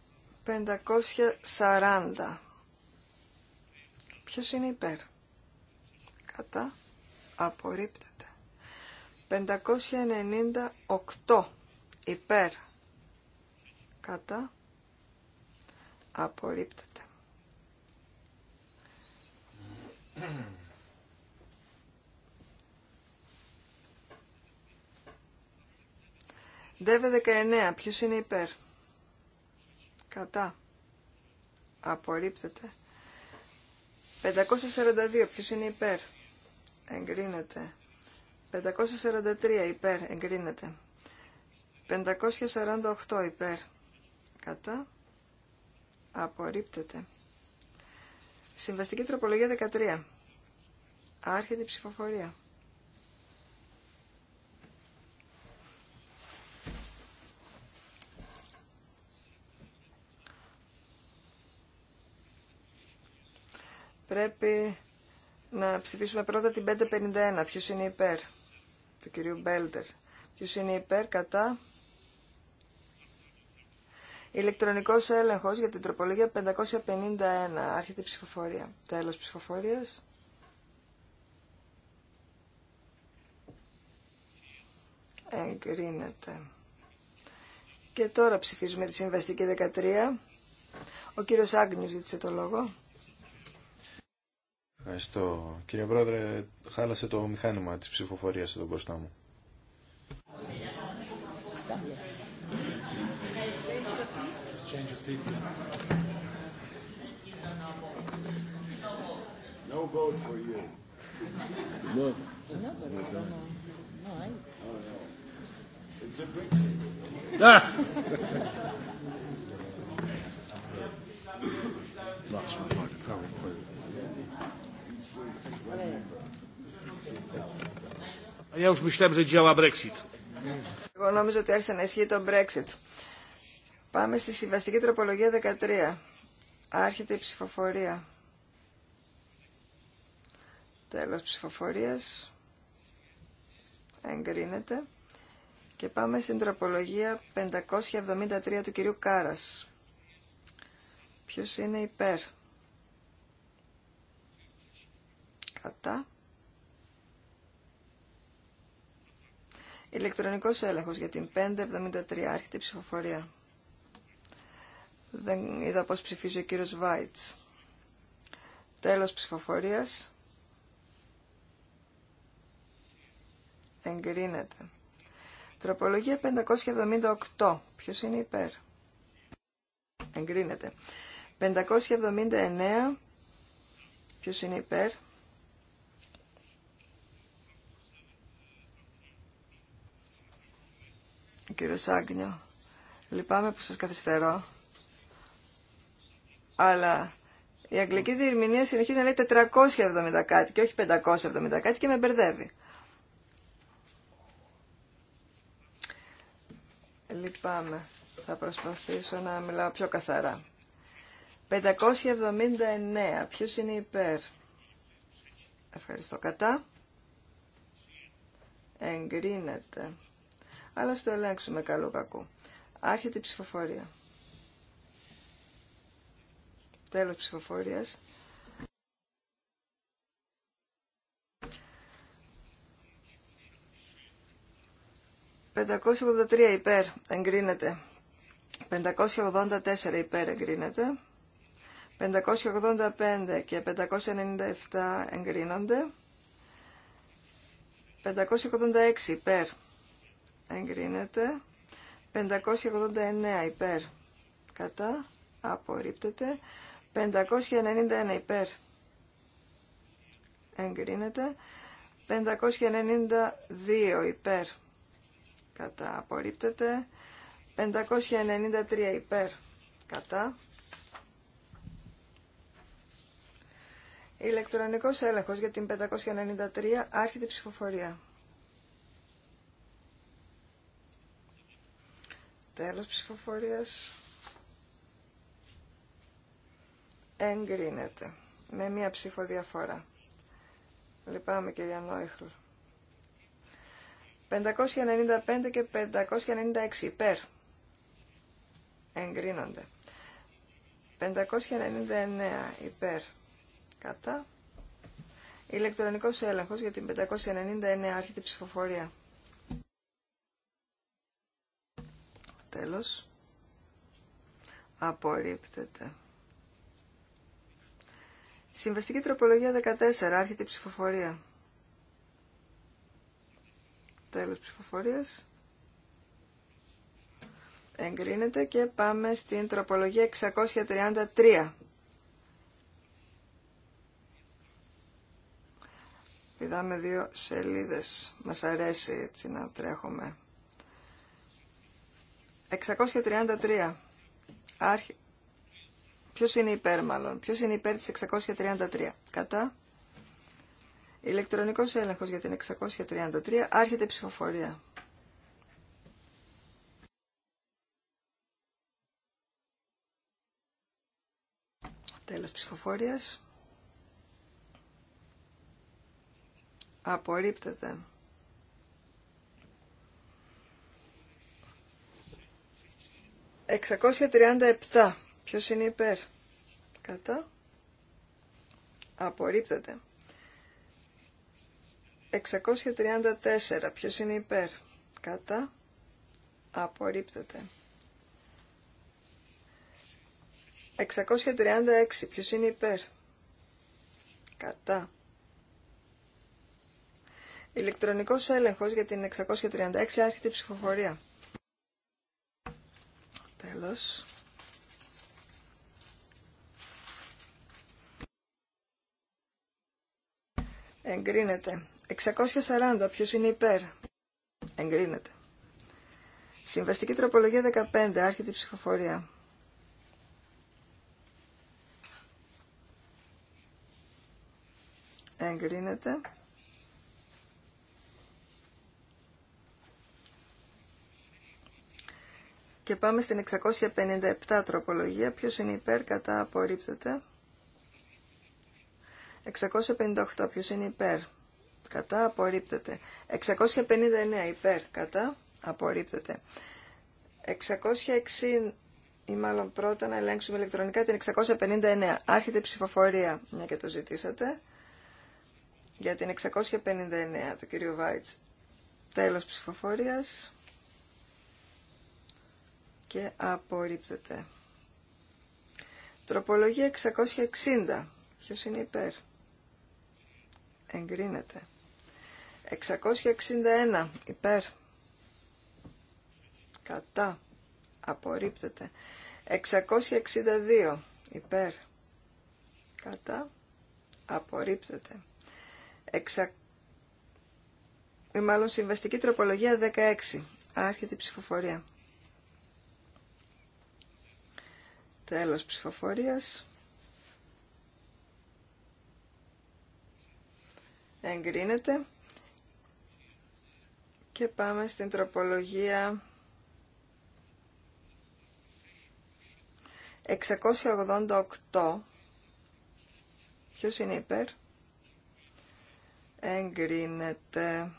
540. Ποιος είναι υπέρ. Κατά. Απορρίπτεται. 598. Υπέρ. Κατά. Απορρίπτεται. Δεύε 19. Ποιος είναι υπέρ. Κατά. Απορρίπτεται. 542. Ποιος είναι υπέρ. Εγκρίνεται. 543. Υπέρ. Εγκρίνεται. 548. Υπέρ. Κατά. Απορρίπτεται. Συμβαστική τροπολογία 13. Άρχεται η ψηφοφορία. πρέπει να ψηφίσουμε πρώτα την 551. Ποιος είναι υπέρ του κυρίου Μπέλτερ. Ποιος είναι υπέρ κατά. Ηλεκτρονικός έλεγχος για την τροπολογία 551. Άρχεται η ψηφοφορία. Τέλος ψηφοφορίας. Εγκρίνεται. Και τώρα ψηφίζουμε τη συμβαστική 13. Ο κύριος Άγνιος ζήτησε το λόγο. Ευχαριστώ. Κύριε Πρόεδρε, χάλασε το μηχάνημα της ψηφοφορίας εδώ μπροστά μου. Εγώ νόμιζα ότι άρχισε να ισχύει το Brexit. Πάμε στη συμβαστική τροπολογία 13. Άρχεται η ψηφοφορία. Τέλος ψηφοφορίας. Εγκρίνεται. Και πάμε στην τροπολογία 573 του κυρίου Κάρας. Ποιος είναι υπέρ. Κατά. Ηλεκτρονικός έλεγχος για την 573 η ψηφοφορία. Δεν είδα πώς ψηφίζει ο κύριος Βάιτς. Τέλος ψηφοφορίας. Εγκρίνεται. Τροπολογία 578. Ποιος είναι υπέρ. Εγκρίνεται. 579. Ποιος είναι υπέρ. κύριο Σάγνιο. Λυπάμαι που σας καθυστερώ. Αλλά η αγγλική διερμηνία συνεχίζει να λέει 470 κάτι και όχι 570 κάτι και με μπερδεύει. Λυπάμαι. Θα προσπαθήσω να μιλάω πιο καθαρά. 579. Ποιος είναι υπέρ. Ευχαριστώ. Κατά. Εγκρίνεται αλλά στο ελέγξουμε καλό κακό. Άρχεται η ψηφοφορία. Τέλος ψηφοφορίας. «583 υπέρ εγκρίνεται, 584 υπέρ εγκρίνεται, 585 και 597 εγκρίνονται, 586 υπέρ εγκρίνεται. 589 υπέρ κατά απορρίπτεται. 591 υπέρ εγκρίνεται. 592 υπέρ κατά απορρίπτεται. 593 υπέρ κατά. Ηλεκτρονικός έλεγχος για την 593 άρχεται ψηφοφορία. Τέλος ψηφοφορίας. Εγκρίνεται. Με μία ψηφοδιαφορά. Λυπάμαι κυρία Νόιχλ. 595 και 596 υπέρ. Εγκρίνονται. 599 υπέρ. Κατά. Ηλεκτρονικός έλεγχος για την 599 άρχιτη ψηφοφορία. Τέλος. Απορρίπτεται. Συμβαστική τροπολογία 14. Άρχεται η ψηφοφορία. Τέλος ψηφοφορίας. Εγκρίνεται και πάμε στην τροπολογία 633. Πηδάμε δύο σελίδες. Μας αρέσει έτσι να τρέχουμε 633. Άρχι... Ποιος είναι υπέρ μάλλον. Ποιος είναι υπέρ της 633. Κατά. Ηλεκτρονικός έλεγχος για την 633. Άρχεται η ψηφοφορία. Τέλος ψηφοφορίας. Απορρίπτεται. 637. Ποιος είναι υπέρ. Κατά. Απορρίπτεται. 634. Ποιος είναι υπέρ. Κατά. Απορρίπτεται. 636. Ποιος είναι υπέρ. Κατά. Ηλεκτρονικός έλεγχος για την 636 άρχεται η ψηφοφορία. Εγκρίνεται. 640. Ποιος είναι υπέρ. Εγκρίνεται. Συμβαστική τροπολογία 15. Άρχεται η ψηφοφορία. Εγκρίνεται. Και πάμε στην 657 τροπολογία. Ποιος είναι υπέρ, κατά, απορρίπτεται. 658. Ποιος είναι υπέρ, κατά, απορρίπτεται. 659 υπέρ, κατά, απορρίπτεται. 660 ή μάλλον πρώτα να ελέγξουμε ηλεκτρονικά την 659. Άρχεται η ψηφοφορία, μια και το ζητήσατε, για την 659 του κύριο Βάιτς. Τέλος ψηφοφορίας και απορρίπτεται. Τροπολογία 660. Ποιο είναι υπέρ. Εγκρίνεται. 661. Υπέρ. Κατά. Απορρίπτεται. 662. Υπέρ. Κατά. Απορρίπτεται. 600... Μάλλον συμβαστική τροπολογία 16. Άρχεται η ψηφοφορία. Τέλος ψηφοφορίας. Εγκρίνεται. Και πάμε στην τροπολογία 688. Ποιος είναι υπέρ. Εγκρίνεται.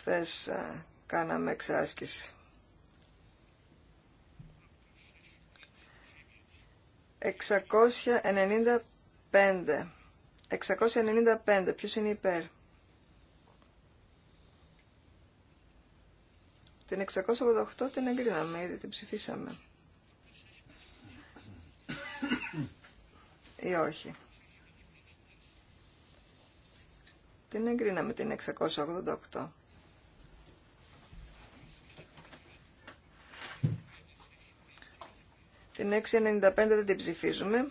χθες ε, κάναμε εξάσκηση. 695 695. Ποιος είναι υπέρ. Την 688 την εγκρίναμε ήδη, την ψηφίσαμε. Ή όχι. Την εγκρίναμε την 688. Την 695 δεν την ψηφίζουμε.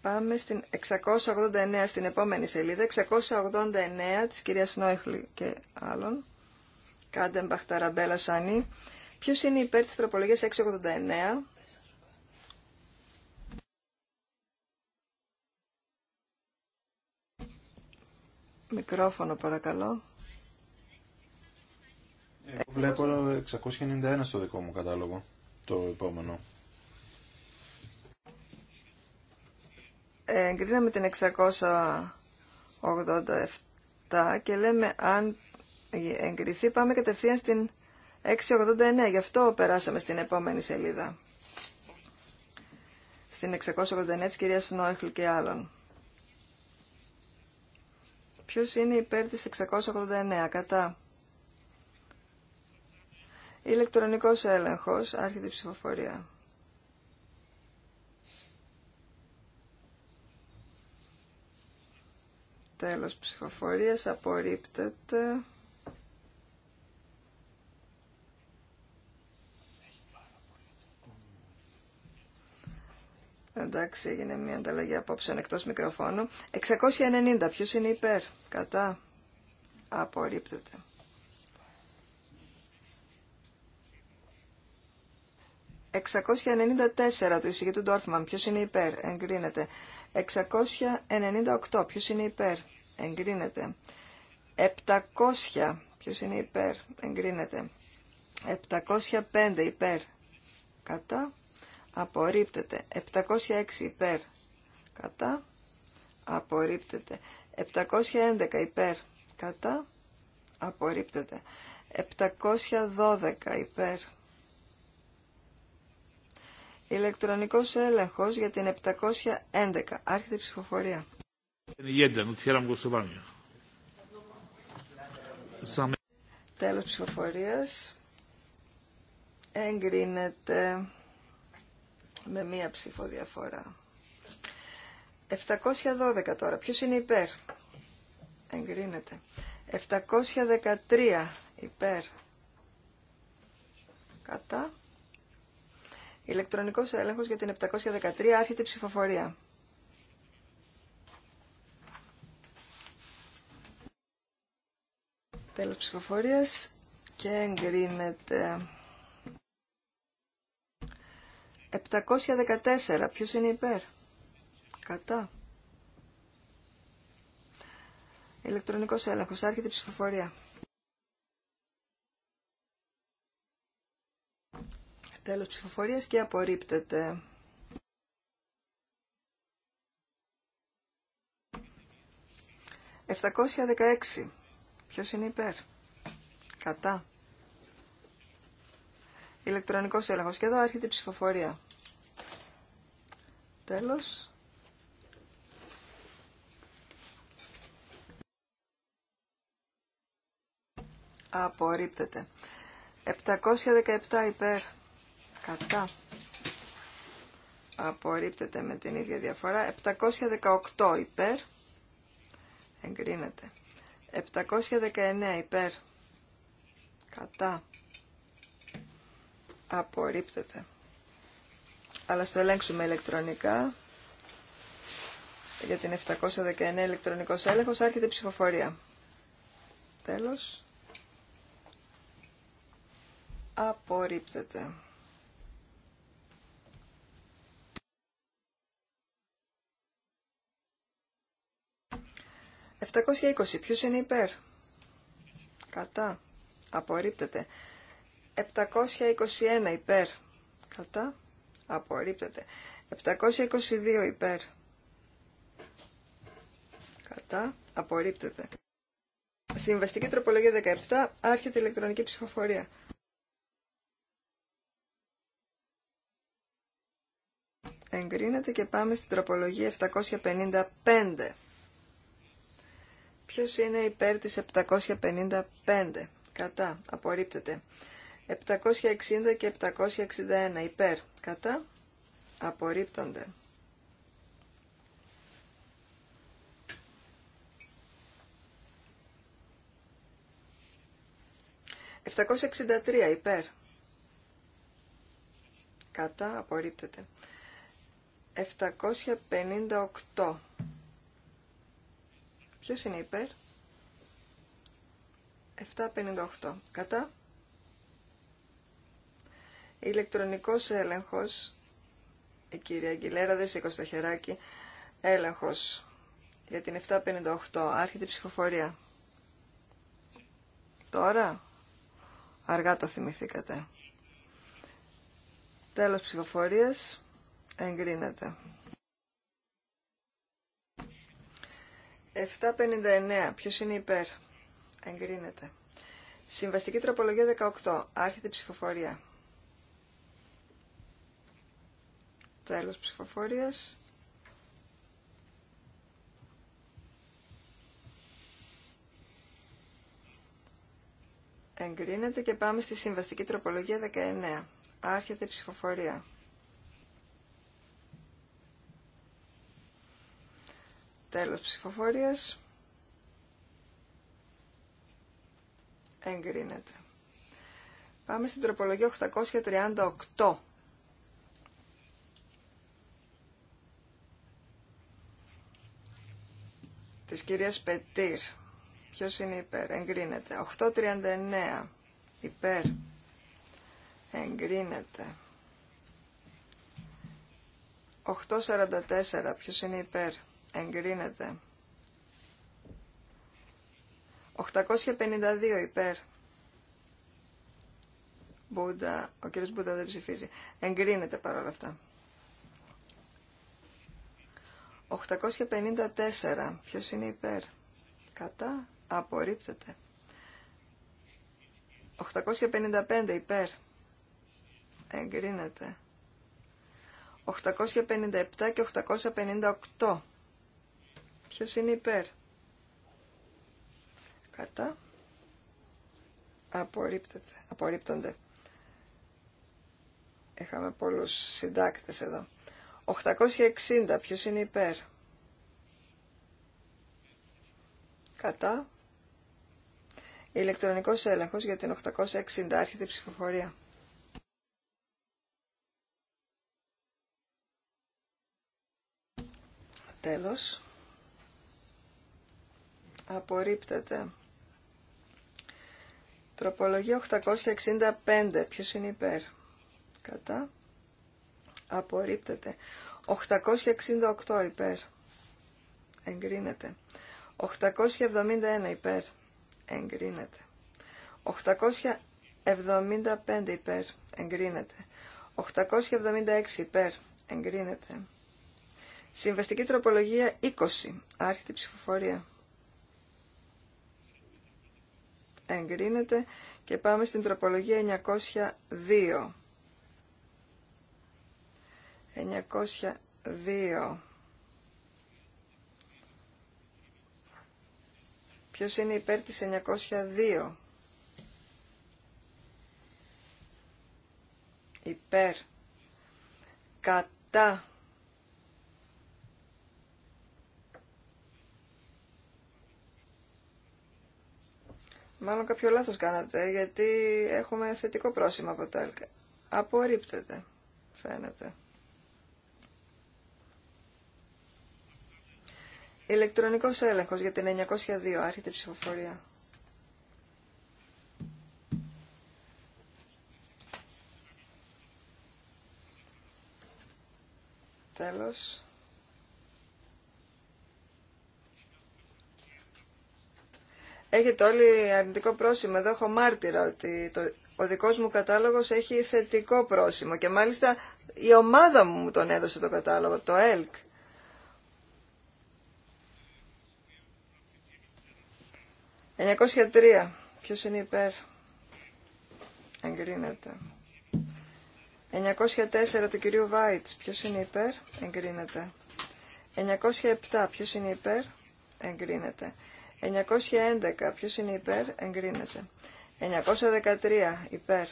Πάμε στην 689, στην επόμενη σελίδα. 689 της κυρίας Νόιχλου και άλλων. Κάντε Μπαχταραμπέλα Σάνι. Ποιος είναι υπέρ της τροπολογίας 689. Μικρόφωνο παρακαλώ. βλέπω 691 στο δικό μου κατάλογο το επόμενο. Εγκρίναμε την 687 και λέμε αν εγκριθεί πάμε κατευθείαν στην 689. Γι' αυτό περάσαμε στην επόμενη σελίδα. Στην 689 της κυρίας Νόιχλου και άλλων. Ποιος είναι υπέρ της 689 κατά Ηλεκτρονικός έλεγχος, άρχεται η ψηφοφορία. Τέλος ψηφοφορίας, απορρίπτεται. Εντάξει, έγινε μια ανταλλαγή απόψεων εκτός μικροφόνου. 690, ποιος είναι υπέρ, κατά, απορρίπτεται. 694 του εισηγητού Ντόρφμαν. Ποιος είναι υπέρ. Εγκρίνεται. 698. Ποιος είναι υπέρ. Εγκρίνεται. 700. Ποιος είναι υπέρ. Εγκρίνεται. 705 υπέρ. Κατά. Απορρίπτεται. 706 υπέρ. Κατά. Απορρίπτεται. 711 υπέρ. Κατά. Απορρίπτεται. 712 υπέρ Ηλεκτρονικός έλεγχος για την 711. Άρχεται η ψηφοφορία. Τέλος ψηφοφορίας. Εγκρίνεται με μία ψηφοδιαφορά. 712 τώρα. Ποιος είναι υπέρ. Εγκρίνεται. 713 υπέρ. Κατά. Ηλεκτρονικός έλεγχος για την 713 άρχεται ψηφοφορία. Τέλος ψηφοφορίας και εγκρίνεται. 714. Ποιος είναι υπέρ. Κατά. Ηλεκτρονικός έλεγχος. Άρχεται ψηφοφορία. Τέλος ψηφοφορίας και απορρίπτεται. «716. Ποιος είναι υπέρ» «Κατά» «Ηλεκτρονικός έλεγχος». Και εδώ έρχεται η ψηφοφορία. Τέλος. Απορρίπτεται. 717 υπέρ κατά απορρίπτεται με την ίδια διαφορά 718 υπέρ εγκρίνεται 719 υπέρ κατά απορρίπτεται αλλά στο ελέγξουμε ηλεκτρονικά για την 719 ηλεκτρονικός έλεγχος άρχεται η ψηφοφορία τέλος απορρίπτεται 720. Ποιος είναι υπέρ. Κατά. Απορρίπτεται. 721 υπέρ. Κατά. Απορρίπτεται. 722 υπέρ. Κατά. Απορρίπτεται. Συμβαστική τροπολογία 17. Άρχεται η ηλεκτρονική ψηφοφορία. Εγκρίνεται και πάμε στην τροπολογία 755. Ποιος είναι υπέρ της 755. Κατά. Απορρίπτεται. 760 και 761. Υπέρ. Κατά. Απορρίπτονται. 763 υπέρ. Κατά απορρίπτεται. 758 Ποιο είναι υπέρ. 7.58. Κατά. Ηλεκτρονικός έλεγχος. Η κυρία Αγγιλέρα δεν σήκωσε το χεράκι. Έλεγχος για την 7.58. Άρχεται η ψηφοφορία. Τώρα. Αργά το θυμηθήκατε. Τέλος ψηφοφορίας. Εγκρίνεται. 759. Ποιος είναι υπέρ. Εγκρίνεται. Συμβαστική τροπολογία 18. Άρχεται η ψηφοφορία. Τέλος ψηφοφορίας. Εγκρίνεται και πάμε στη συμβαστική τροπολογία 19. Άρχεται η ψηφοφορία. Τέλος ψηφοφορίας. Εγκρίνεται. Πάμε στην τροπολογία 838. Της κυρίας Πετήρ. Ποιος είναι υπέρ. Εγκρίνεται. 839. Υπέρ. Εγκρίνεται. 844. Ποιος είναι υπέρ εγκρίνεται. 852 υπέρ. Μπούντα, ο κύριος Μπούντα δεν ψηφίζει. Εγκρίνεται παρόλα αυτά. 854. Ποιος είναι υπέρ. Κατά. Απορρίπτεται. 855 υπέρ. Εγκρίνεται. 857 και 858 Ποιος είναι υπέρ. Κατά. Απορρίπτεται. Απορρίπτονται. Έχαμε πολλούς συντάκτες εδώ. 860. Ποιος είναι υπέρ. Κατά. Ηλεκτρονικός έλεγχος για την 860. Άρχεται η ψηφοφορία. Τέλος απορρίπτεται. Τροπολογία 865. Ποιος είναι υπέρ. Κατά. Απορρίπτεται. 868 υπέρ. Εγκρίνεται. 871 υπέρ. Εγκρίνεται. 875 υπέρ. Εγκρίνεται. 876 υπέρ. Εγκρίνεται. Συμβαστική τροπολογία 20. Άρχιτη ψηφοφορία. εγκρίνεται και πάμε στην τροπολογία 902. 902. Ποιος είναι υπέρ της 902. Υπέρ. Κατά. Μάλλον κάποιο λάθος κάνατε, γιατί έχουμε θετικό πρόσημα από το ΕΛΚ. Απορρίπτεται, φαίνεται. Ηλεκτρονικός έλεγχος για την 902, άρχεται ψηφοφορία. Τέλος. Έχετε όλοι αρνητικό πρόσημο. Εδώ έχω μάρτυρα ότι το, ο δικός μου κατάλογος έχει θετικό πρόσημο και μάλιστα η ομάδα μου τον έδωσε το κατάλογο, το ΕΛΚ. «903. Ποιος είναι υπέρ» εγκρίνεται. 904 του κυρίου Βάιτς, ποιος είναι υπέρ, εγκρίνεται. 907, ποιος είναι υπέρ, εγκρίνεται. 911. Ποιος είναι υπέρ. Εγκρίνεται. 913. Υπέρ.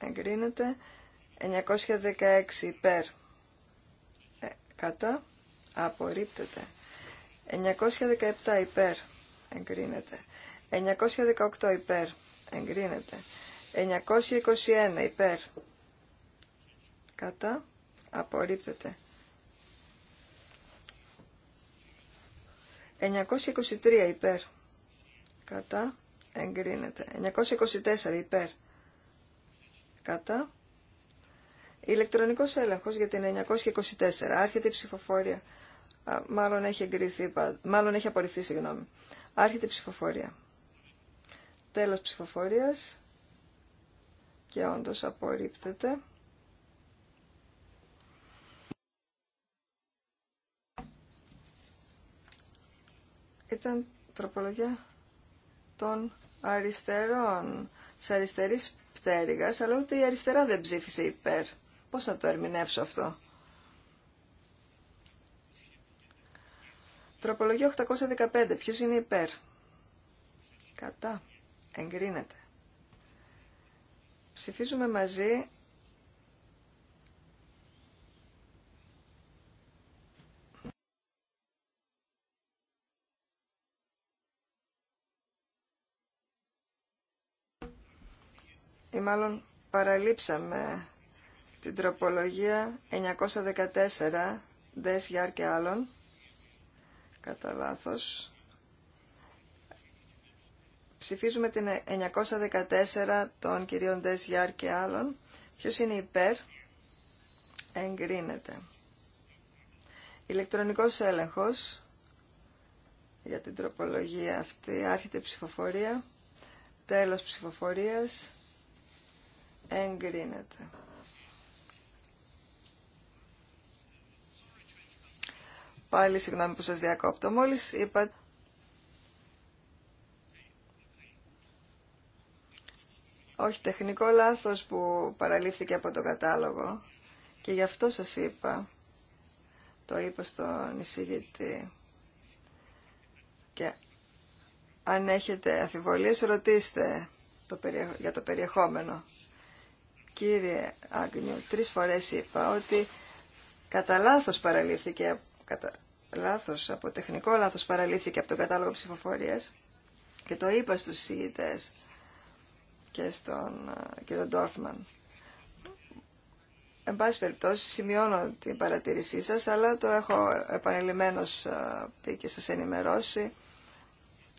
Εγκρίνεται. 916. Ε, υπέρ. κατά. Απορρίπτεται. 917. Υπέρ. Εγκρίνεται. 918. Υπέρ. Εγκρίνεται. 921. Υπέρ. Κατά. Απορρίπτεται. 923 υπέρ. Κατά. Εγκρίνεται. 924 υπέρ. Κατά. Ηλεκτρονικός έλεγχος για την 924. Άρχεται η ψηφοφορία. Μάλλον έχει εγκριθεί, μάλλον έχει απορριφθεί, συγγνώμη. Άρχεται η ψηφοφορία. Τέλος ψηφοφορίας. Και όντως απορρίπτεται. ήταν τροπολογία των αριστερών, της αριστερής πτέρυγας, αλλά ούτε η αριστερά δεν ψήφισε υπέρ. Πώς να το ερμηνεύσω αυτό. Τροπολογία 815. Ποιος είναι υπέρ. Κατά. Εγκρίνεται. Ψηφίζουμε μαζί μάλλον παραλείψαμε την τροπολογία 914, δες γιάρ και άλλων, κατά Ψηφίζουμε την 914 των κυρίων δες και άλλων. Ποιος είναι υπέρ, εγκρίνεται. Ηλεκτρονικός έλεγχος για την τροπολογία αυτή. Άρχεται ψηφοφορία. Τέλος ψηφοφορίας εγκρίνεται. Πάλι συγγνώμη που σας διακόπτω. Μόλις είπα... Όχι, τεχνικό λάθος που παραλήφθηκε από το κατάλογο και γι' αυτό σας είπα, το είπα στον εισηγητή. Και αν έχετε αφιβολίες ρωτήστε το για το περιεχόμενο. Κύριε Άγνιου, τρεις φορές είπα ότι κατά λάθος παραλήφθηκε, από τεχνικό λάθος παραλήφθηκε από τον κατάλογο ψηφοφορίας και το είπα στους συζητητές και στον ε, κύριο Ντόρφμαν. Εν πάση περιπτώσει, σημειώνω την παρατήρησή σας, αλλά το έχω επανειλημμένως ε, πει και σας ενημερώσει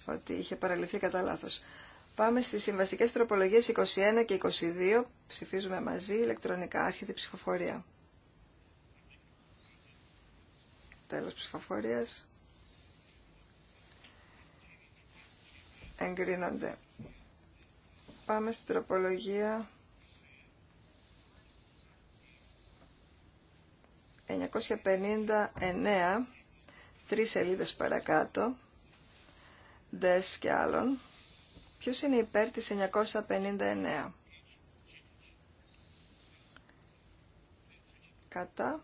ότι είχε παραλυθεί κατά λάθο. Πάμε στις συμβαστικές τροπολογίες 21 και 22. Ψηφίζουμε μαζί ηλεκτρονικά. άρχιδη ψηφοφορία. Τέλος ψηφοφορίας. Εγκρίνονται. Πάμε στην τροπολογία 959, τρεις σελίδες παρακάτω, Δες και άλλων. Ποιος είναι υπέρ της 959. Κατά.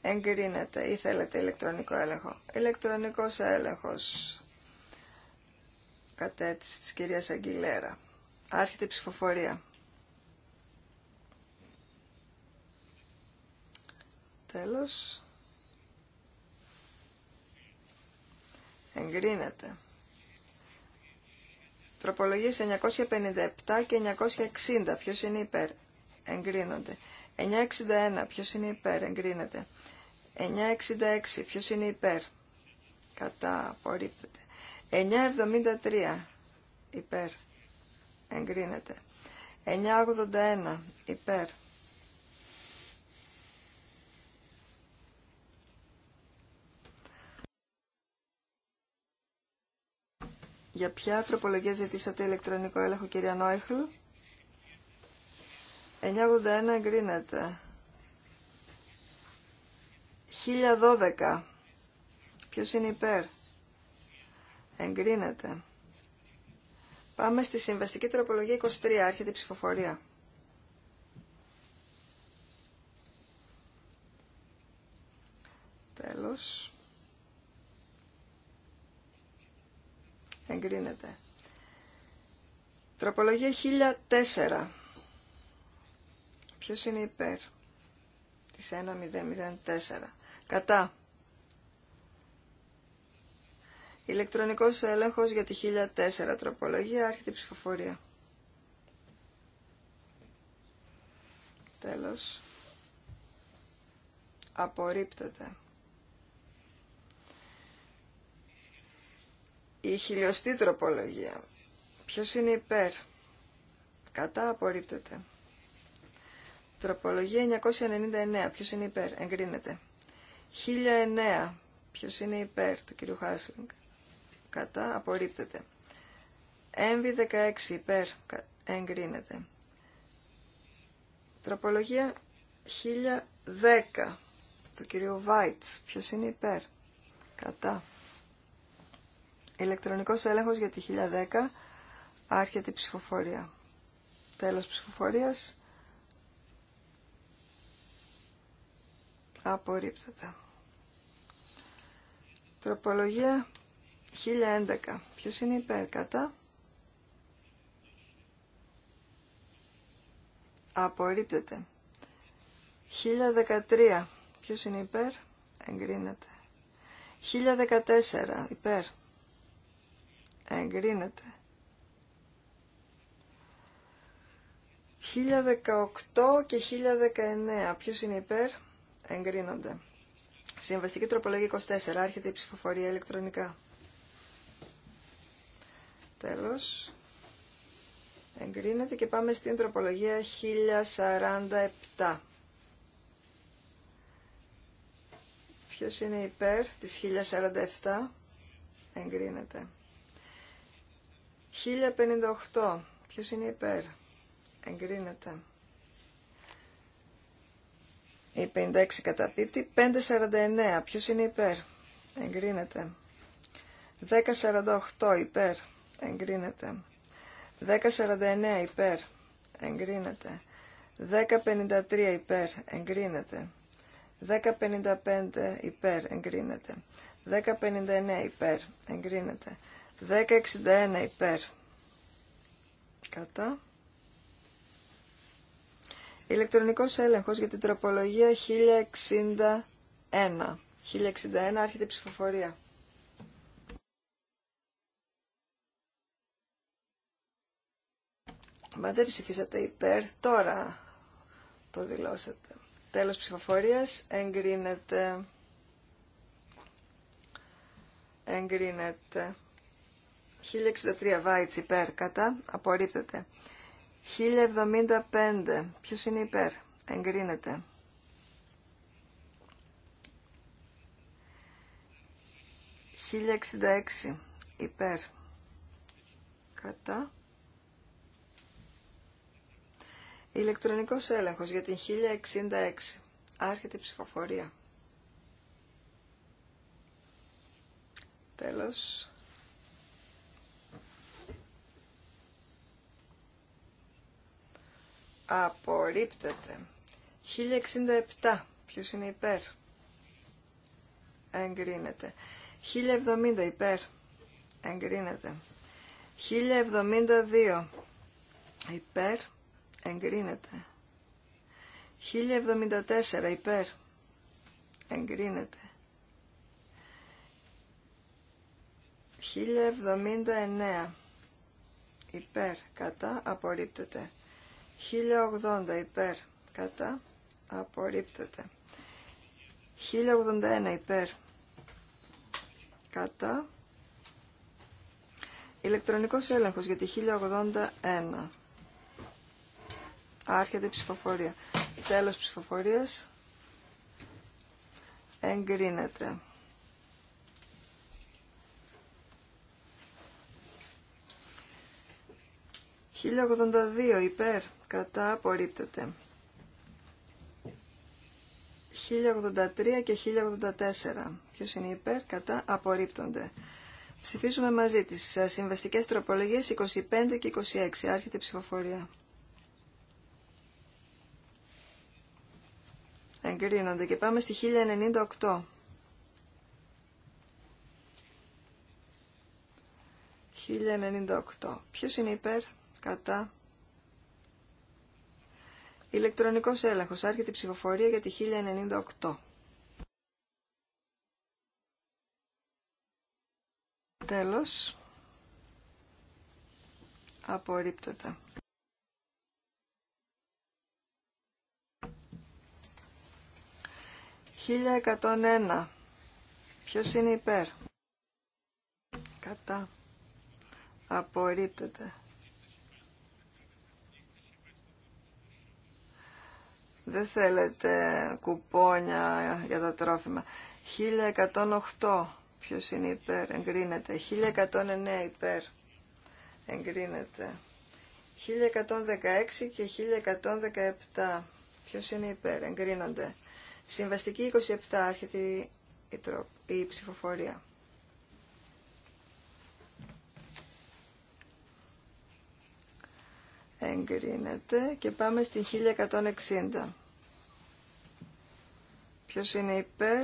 Εγκρίνεται ή θέλετε ηλεκτρονικό έλεγχο. Ηλεκτρονικός έλεγχος κατέτηση της κυρίας Αγγιλέρα. Άρχεται η ψηφοφορία. Τέλος. Εγκρίνεται. Τροπολογίες 957 και 960. Ποιος είναι υπέρ. Εγκρίνονται. 961. Ποιος είναι υπέρ. Εγκρίνεται. 966. Ποιος είναι υπέρ. Κατά. Απορρίπτεται. 973. Υπέρ. Εγκρίνεται. 981. Υπέρ. Για ποια τροπολογία ζητήσατε ηλεκτρονικό έλεγχο, κυρία Νόιχλ. 981 εγκρίνεται. 1012. Ποιος είναι υπέρ. Εγκρίνεται. Πάμε στη συμβαστική τροπολογία 23. Άρχεται η ψηφοφορία. Τέλος. Τροπολογία 1004. Ποιος είναι υπέρ της 1004. Κατά. Ηλεκτρονικός έλεγχος για τη 1004 τροπολογία. Άρχεται η ψηφοφορία. Τέλος. Απορρίπτεται. Η χιλιοστή τροπολογία. Ποιος είναι υπέρ. Κατά απορρίπτεται. Τροπολογία 999. Ποιος είναι υπέρ. Εγκρίνεται. 1009. Ποιος είναι υπέρ του κυρίου Χάσλινγκ. Κατά απορρίπτεται. Έμβη 16 υπέρ. Εγκρίνεται. Τροπολογία 1010 του κυριο Βάιτς. Ποιος είναι υπέρ. Κατά Ηλεκτρονικός έλεγχος για τη 1010. Άρχεται η ψηφοφορία. Τέλος ψηφοφορίας. Απορρίπτεται. Τροπολογία 1011. Ποιος είναι υπέρ κατά. Απορρίπτεται. 1013. Ποιος είναι υπέρ. Εγκρίνεται. 1014. Υπέρ εγκρίνεται. 1018 και 1019. Ποιος είναι υπέρ? Εγκρίνονται. Συμβαστική τροπολογία 24. Άρχεται η ψηφοφορία ηλεκτρονικά. Τέλος. Εγκρίνεται και πάμε στην τροπολογία 1047. Ποιος είναι υπέρ της 1047? Εγκρίνεται. 1058. Ποιος είναι υπέρ. Εγκρίνεται. Η 56 καταπίπτει. 549. Ποιος είναι υπέρ. Εγκρίνεται. 1048 υπέρ. Εγκρίνεται. 1049 υπέρ. Εγκρίνεται. 1053 υπέρ. Εγκρίνεται. 1055 υπέρ. Εγκρίνεται. 1059 υπέρ. Εγκρίνεται. 1061 υπέρ. Κατά. Ηλεκτρονικός έλεγχος για την τροπολογία 1061. 1061 άρχεται η ψηφοφορία. Μα δεν ψηφίσατε υπέρ, τώρα το δηλώσατε. Τέλος ψηφοφορίας, εγκρίνεται. Εγκρίνεται. 1063 Βάιτς υπέρ κατά απορρίπτεται. 1075 ποιος είναι υπέρ εγκρίνεται. 1066 υπέρ κατά ηλεκτρονικός έλεγχος για την 1066 άρχεται η ψηφοφορία τέλος Απορρίπτεται. 1067. Ποιος είναι υπέρ. Εγκρίνεται. 1070 υπέρ. Εγκρίνεται. 1072 υπέρ. Εγκρίνεται. 1074 υπέρ. Εγκρίνεται. 1079 υπέρ. Κατά. Απορρίπτεται. 1080 υπέρ κατά απορρίπτεται. 1081 υπέρ κατά ηλεκτρονικός έλεγχος για τη 1081 άρχεται η ψηφοφορία. Τέλος ψηφοφορίας εγκρίνεται. 1082 υπέρ κατά απορρίπτεται. 1083 και 1084. Ποιος είναι υπέρ, κατά απορρίπτονται. Ψηφίσουμε μαζί τις ε, συμβαστικές τροπολογίες 25 και 26. Άρχεται η ψηφοφορία. Εγκρίνονται και πάμε στη 1098. 1098. Ποιος είναι υπέρ, κατά, Ηλεκτρονικός έλεγχος. Άρχεται η ψηφοφορία για τη 1098. Τέλος. Απορρίπτεται. 1101. Ποιος είναι υπέρ. Κατά. Απορρίπτεται. Δεν θέλετε κουπόνια για τα τρόφιμα. 1108 ποιος είναι υπέρ, εγκρίνεται. 1109 υπέρ, εγκρίνεται. 1116 και 1117 ποιος είναι υπέρ, εγκρίνονται. Συμβαστική 27 άρχεται η, η ψηφοφορία. εγκρίνεται και πάμε στην 1160. Ποιος είναι υπέρ,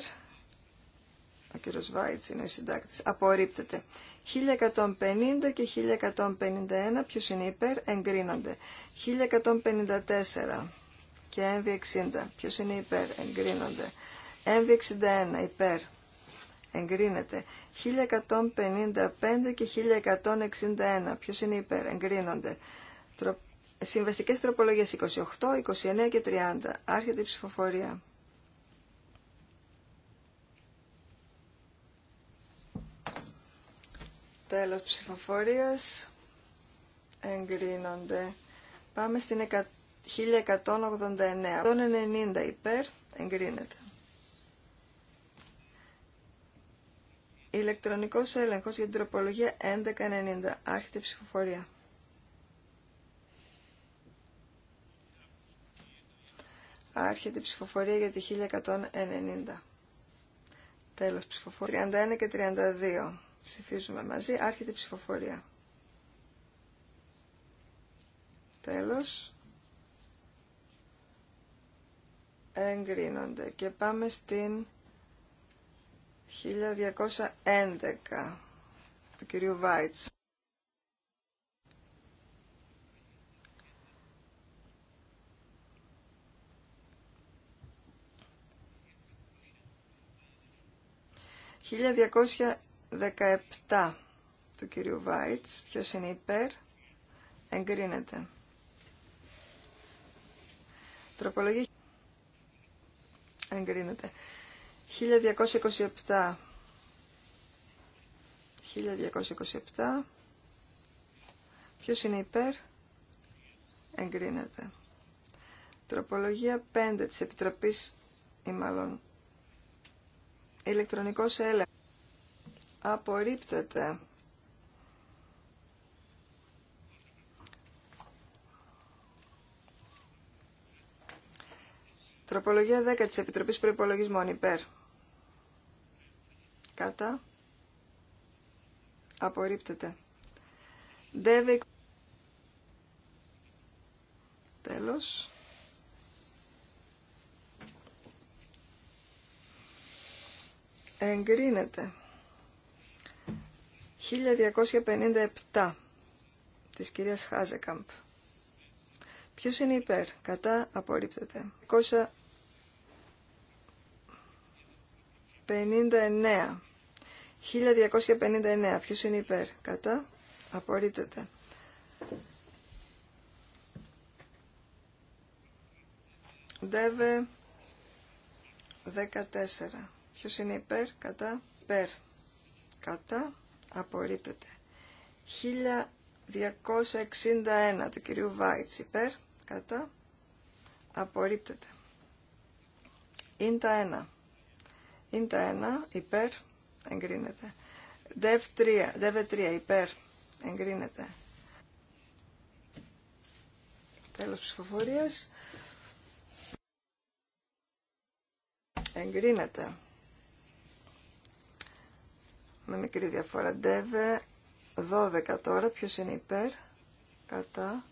ο κύριο Βάιτς είναι ο συντάκτης, απορρίπτεται. 1150 και 1151, ποιος είναι υπέρ, εγκρίνονται. 1154 και MV60, ποιος είναι υπέρ, εγκρίνονται. MV61, υπέρ, εγκρίνεται. 1155 και 1161, ποιος είναι υπέρ, εγκρίνονται. Συμβαστικές τροπολογίες 28, 29 και 30. Άρχεται η ψηφοφορία. Τέλος ψηφοφορίας. Εγκρίνονται. Πάμε στην 1189. 190 υπέρ. Εγκρίνεται. Ηλεκτρονικός έλεγχος για την τροπολογία 1190. Άρχεται η ψηφοφορία. Άρχεται η ψηφοφορία για τη 1190. Τέλος ψηφοφορία. 31 και 32. Ψηφίζουμε μαζί. Άρχεται η ψηφοφορία. Τέλος. Εγκρίνονται. Και πάμε στην 1211 του κυρίου Βάιτς. 1217 του κυρίου Βάιτς. Ποιος είναι υπέρ. Εγκρίνεται. Τροπολογία. Εγκρίνεται. 1227. 1227. Ποιος είναι υπέρ. Εγκρίνεται. Τροπολογία 5 της Επιτροπής ή μάλλον Ηλεκτρονικός έλεγχος. Απορρίπτεται. Τροπολογία 10 της Επιτροπής Προϋπολογισμών υπέρ. Κατά. Απορρίπτεται. Τέλος. εγκρίνεται. 1257 της κυρίας Χάζεκαμπ. Ποιος είναι υπέρ, κατά, απορρίπτεται. 259. 1259. Ποιος είναι υπέρ, κατά, απορρίπτεται. 14. Ποιο είναι υπέρ, κατά, περ. Κατά, απορρίπτεται. 1261 του κυρίου Βάιτς υπέρ, κατά, απορρίπτεται. Είναι τα ένα. Είναι τα 1, υπέρ, εγκρίνεται. Δεύ 3, 3, υπέρ, εγκρίνεται. Τέλος ψηφοφορίας. Εγκρίνεται με μικρή διαφορά. Ντεβε 12 τώρα. Ποιος είναι υπέρ. Κατά.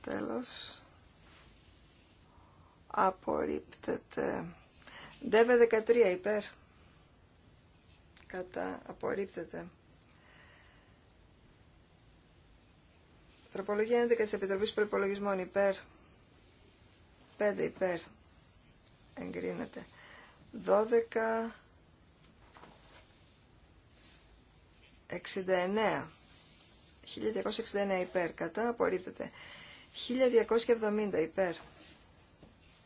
Τέλος. Απορρίπτεται. Ντεβε 13 υπέρ. Κατά. Απορρίπτεται. Τροπολογία 11 της Επιτροπής Προϋπολογισμών υπέρ. 5 υπέρ εγκρίνεται. 12, 69, 1269 υπέρ, κατά, απορρίπτεται. 1270 υπέρ,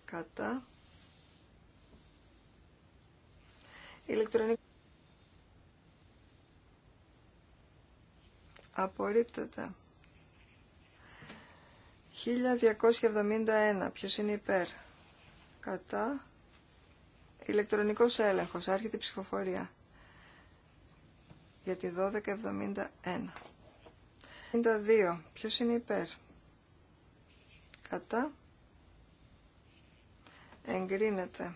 κατά, Ηλεκτρονική. Απορρίπτεται. 1271. Ποιος είναι υπέρ κατά, ηλεκτρονικός έλεγχος, άρχεται η ψηφοφορία για τη 1271. 52. Ποιος είναι υπέρ. Κατά. Εγκρίνεται.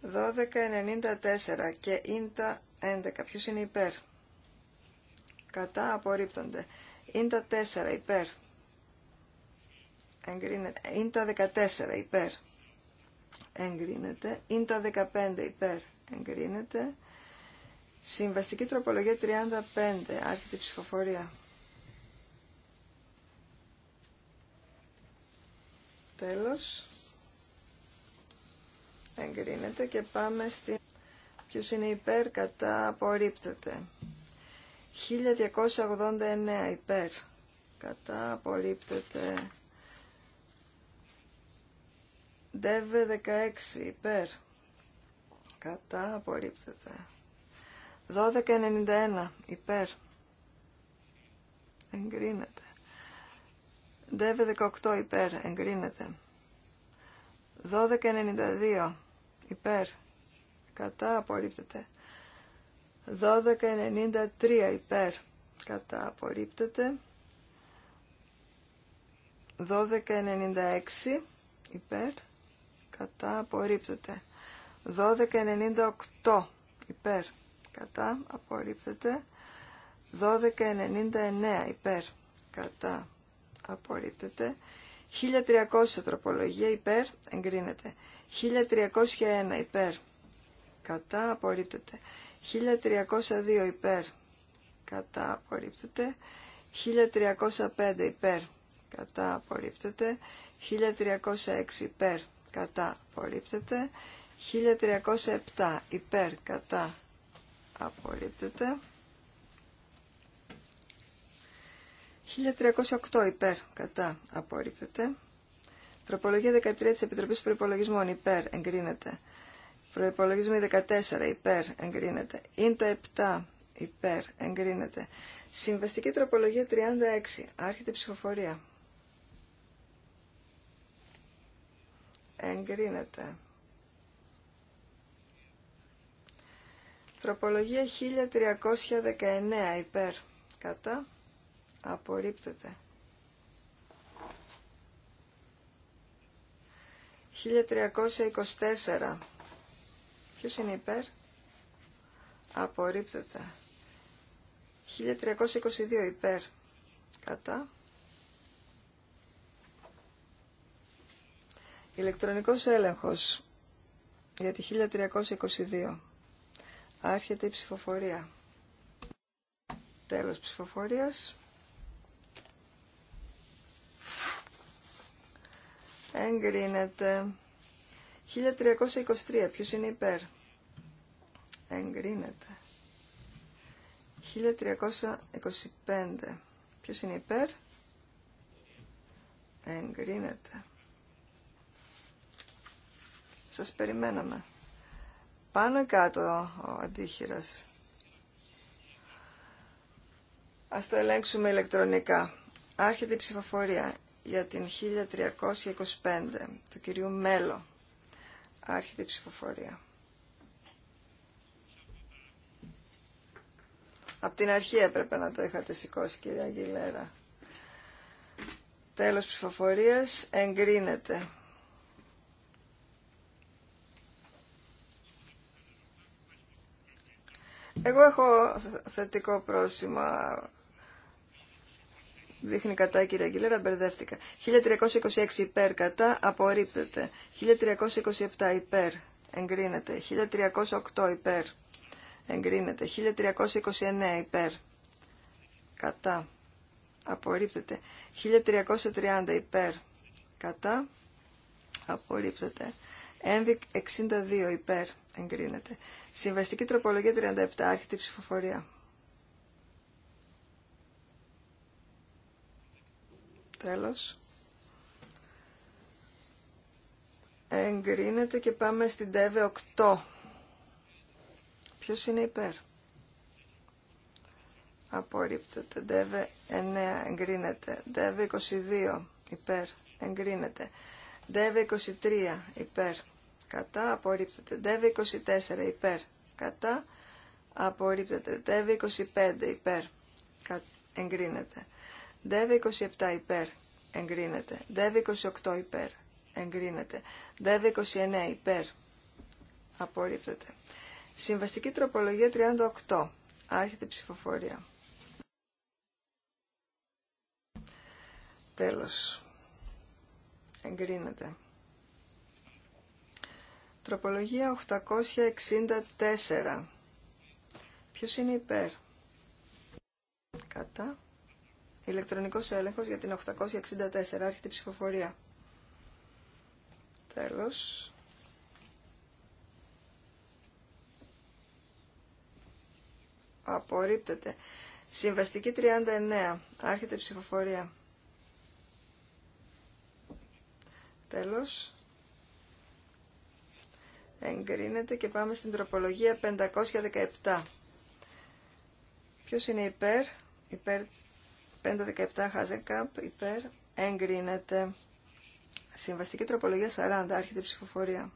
1294 και ίντα 11. Ποιος είναι υπέρ. Κατά απορρίπτονται. Ίντα 4 υπέρ εγκρίνεται. Είναι το 14 υπέρ εγκρίνεται. Είναι το 15 υπέρ εγκρίνεται. Συμβαστική τροπολογία 35. Άρχεται ψηφοφορία. Τέλος. Εγκρίνεται και πάμε στην... Ποιος είναι υπέρ κατά απορρίπτεται. 1289 υπέρ κατά απορρίπτεται. Δεύε 16 υπέρ. Κατά απορρίπτεται. 1291 υπέρ. Εγκρίνεται. Δεύε 18 υπέρ. Εγκρίνεται. 1292 υπέρ. Κατά απορρίπτεται. 1293 υπέρ. Κατά απορρίπτεται. 1296 υπέρ κατά απορρίπτεται. 12.98 υπέρ κατά απορρίπτεται. 12.99 υπέρ κατά απορρίπτεται. 1300 τροπολογία υπέρ εγκρίνεται. 1301 υπέρ κατά απορρίπτεται. 1302 υπέρ κατά απορρίπτεται. 1305 υπέρ κατά απορρίπτεται. 1306 υπέρ κατά απορρίπτεται. 1307 υπέρ κατά απορρίπτεται. 1308 υπέρ κατά απορρίπτεται. Τροπολογία 13 της Επιτροπής Προϋπολογισμών υπέρ εγκρίνεται. Προϋπολογισμοί 14 υπέρ εγκρίνεται. Ίντα 7 υπέρ εγκρίνεται. Συμβαστική τροπολογία 36. Άρχεται ψηφοφορία. εγκρίνεται. Τροπολογία 1319 υπέρ κατά απορρίπτεται. 1324 ποιος είναι υπέρ απορρίπτεται. 1322 υπέρ κατά Ηλεκτρονικός έλεγχος για τη 1322. Άρχεται η ψηφοφορία. Τέλος ψηφοφορίας. Εγκρίνεται. 1323. Ποιος είναι υπέρ. Εγκρίνεται. 1325. Ποιος είναι υπέρ. Εγκρίνεται. Σας περιμέναμε. Πάνω κάτω ο αντίχειρας. Ας το ελέγξουμε ηλεκτρονικά. Άρχεται η ψηφοφορία για την 1325 του κυρίου Μέλο. Άρχεται η ψηφοφορία. Απ' την αρχή έπρεπε να το είχατε σηκώσει κύριε Αγγιλέρα. Τέλος ψηφοφορίας εγκρίνεται. Εγώ έχω θετικό πρόσημα. Δείχνει κατά η κυρία Αγγιλέρα, μπερδεύτηκα. 1326 υπέρ κατά, απορρίπτεται. 1327 υπέρ, εγκρίνεται. 1308 υπέρ, εγκρίνεται. 1329 υπέρ, κατά, απορρίπτεται. 1330 υπέρ, κατά, απορρίπτεται. ΕΝΒΙΚ 62 υπέρ εγκρίνεται. Συμβαστική τροπολογία 37 άρχιτη ψηφοφορία. Τέλος. Εγκρίνεται και πάμε στην ΤΕΒΕ 8. Ποιος είναι υπέρ. Απορρίπτεται. ΤΕΒΕ 9 εγκρίνεται. ΤΕΒΕ 22 υπέρ εγκρίνεται. ΤΕΒΕ 23 υπέρ κατά απορρίπτεται. 924 24 υπέρ, κατά απορρίπτεται. 925 25 υπέρ, εγκρίνεται. 927 27 υπέρ, εγκρίνεται. 928 28 υπέρ, εγκρίνεται. 929 29 υπέρ, απορρίπτεται. Συμβαστική τροπολογία 38. Άρχεται ψηφοφορία. Τέλος. Εγκρίνεται. Τροπολογία 864. Ποιος είναι υπέρ. Κατά. Ηλεκτρονικός έλεγχος για την 864. Άρχεται η ψηφοφορία. Τέλος. Απορρίπτεται. Συμβαστική 39. Άρχεται η ψηφοφορία. Τέλος εγκρίνεται και πάμε στην τροπολογία 517. Ποιος είναι υπέρ, υπέρ 517 Χάζεκαπ, υπέρ, εγκρίνεται. Συμβαστική τροπολογία 40, άρχεται η ψηφοφορία.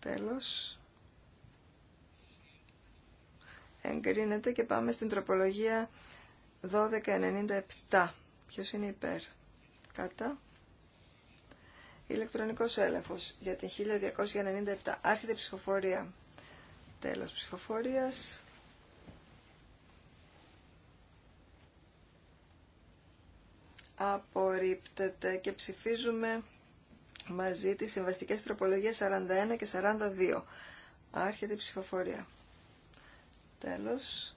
Τέλος. Εγκρίνεται και πάμε στην τροπολογία 1297. Ποιος είναι υπέρ. Κατά. Ηλεκτρονικό έλεγχο για την 1297. Άρχεται ψηφοφορία. Τέλος ψηφοφορία. Απορρίπτεται και ψηφίζουμε μαζί τις συμβαστικές τροπολογίες 41 και 42. Άρχεται η ψηφοφορία. Τέλος.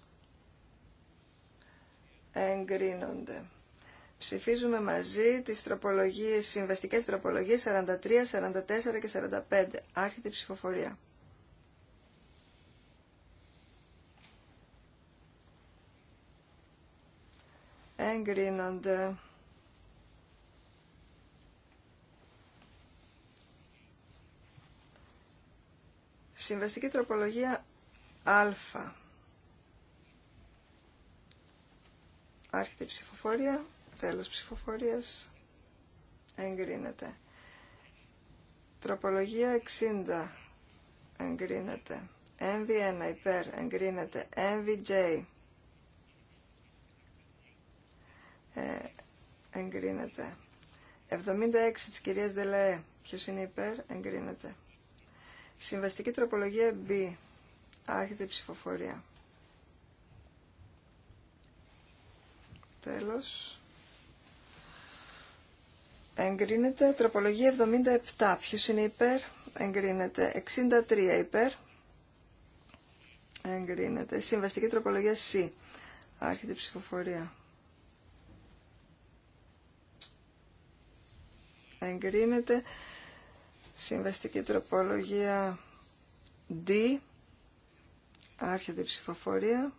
Εγκρίνονται ψηφίζουμε μαζί τις τροπολογίες, συμβαστικές τροπολογίες 43, 44 και 45. Άρχεται η ψηφοφορία. Εγκρίνονται. Συμβαστική τροπολογία Α. Άρχεται η ψηφοφορία. Τέλος ψηφοφορίας. Εγκρίνεται. Τροπολογία 60. Εγκρίνεται. MV1 υπέρ. Εγκρίνεται. MVJ. Ε, εγκρίνεται. 76 της κυρίας Δελαέ. Ποιος είναι υπέρ. Εγκρίνεται. Συμβαστική τροπολογία B. Άρχεται η ψηφοφορία. Τέλος. Εγκρίνεται. Τροπολογία 77. Ποιος είναι υπέρ. Εγκρίνεται. 63 υπέρ. Εγκρίνεται. Συμβαστική τροπολογία C. Άρχεται η ψηφοφορία. Εγκρίνεται. Συμβαστική τροπολογία D. Άρχεται η ψηφοφορία.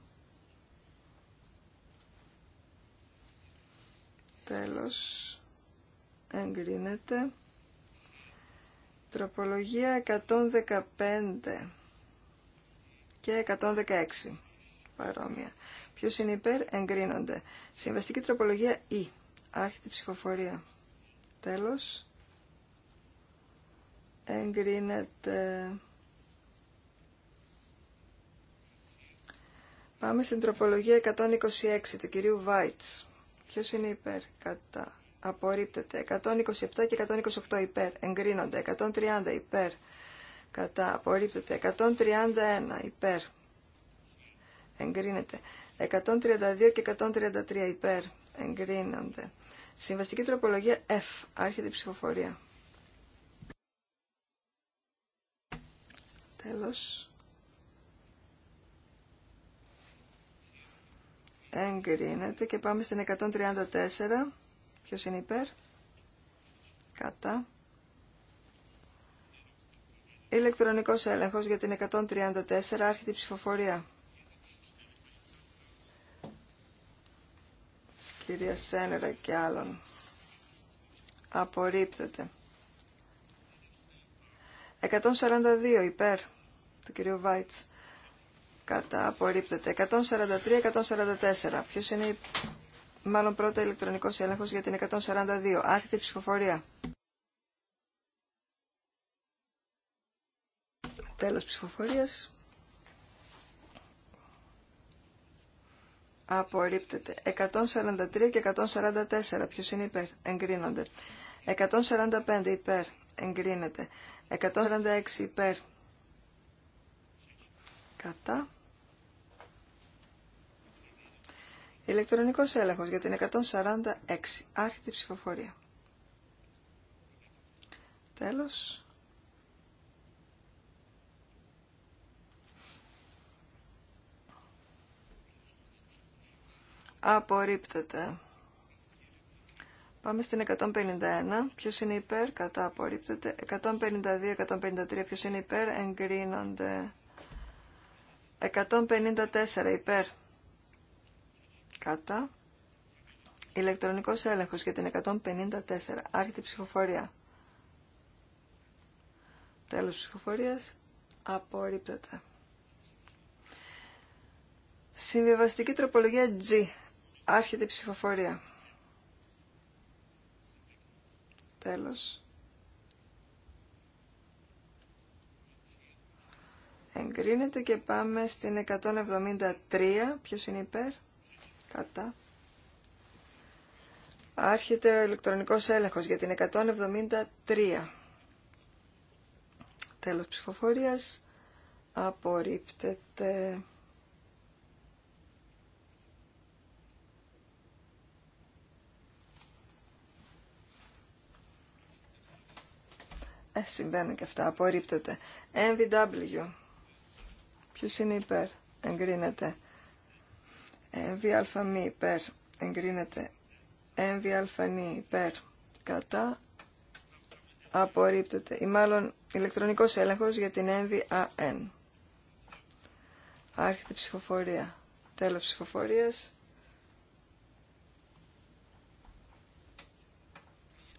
Τέλος εγκρίνεται. Τροπολογία 115 και 116 παρόμοια. Ποιος είναι υπέρ εγκρίνονται. Συμβαστική τροπολογία Ι. E. ψηφοφορία. Τέλος. Εγκρίνεται. Πάμε στην τροπολογία 126 του κυρίου Βάιτς. Ποιος είναι υπέρ κατά απορρίπτεται. 127 και 128 υπέρ, εγκρίνονται. 130 υπέρ, κατά, απορρίπτεται. 131 υπέρ, εγκρίνεται. 132 και 133 υπέρ, εγκρίνονται. Συμβαστική τροπολογία F, άρχεται η ψηφοφορία. Τέλος. Εγκρίνεται και πάμε στην 134. Ποιος είναι υπέρ. Κατά. Ηλεκτρονικός έλεγχος για την 134 άρχεται η ψηφοφορία. Της κυρία Σένερα και άλλων. Απορρίπτεται. 142 υπέρ του κυρίου Βάιτς. Κατά απορρίπτεται. 143-144. Ποιος είναι υπέρ μάλλον πρώτα ηλεκτρονικός έλεγχος για την 142. Άρχεται η ψηφοφορία. Τέλος ψηφοφορίας. Απορρίπτεται. 143 και 144. Ποιος είναι υπέρ. Εγκρίνονται. 145 υπέρ. Εγκρίνεται. 146 υπέρ. Κατά. Ηλεκτρονικός έλεγχος για την 146. Άρχεται ψηφοφορία. Τέλος. Απορρίπτεται. Πάμε στην 151. Ποιος είναι υπέρ, κατά απορρίπτεται. 152, 153. Ποιος είναι υπέρ, εγκρίνονται. 154 υπέρ Κατά. Ηλεκτρονικός έλεγχος για την 154. Άρχεται ψηφοφορία. Τέλος ψηφοφορίας. Απορρίπτεται. Συμβιβαστική τροπολογία G. Άρχεται η ψηφοφορία. Τέλος. Εγκρίνεται και πάμε στην 173. Ποιος είναι υπέρ. Κατά. Άρχεται ο ηλεκτρονικός έλεγχος για την 173. Τέλος ψηφοφορίας. Απορρίπτεται. Ε, συμβαίνουν και αυτά. Απορρίπτεται. MVW. Ποιος είναι υπέρ. Εγκρίνεται έμβη υπέρ εγκρίνεται έμβη υπέρ κατά απορρίπτεται ή μάλλον ηλεκτρονικός έλεγχος για την ΕΜΒΙΑΝ. άρχεται ψηφοφορία τέλος ψηφοφορίας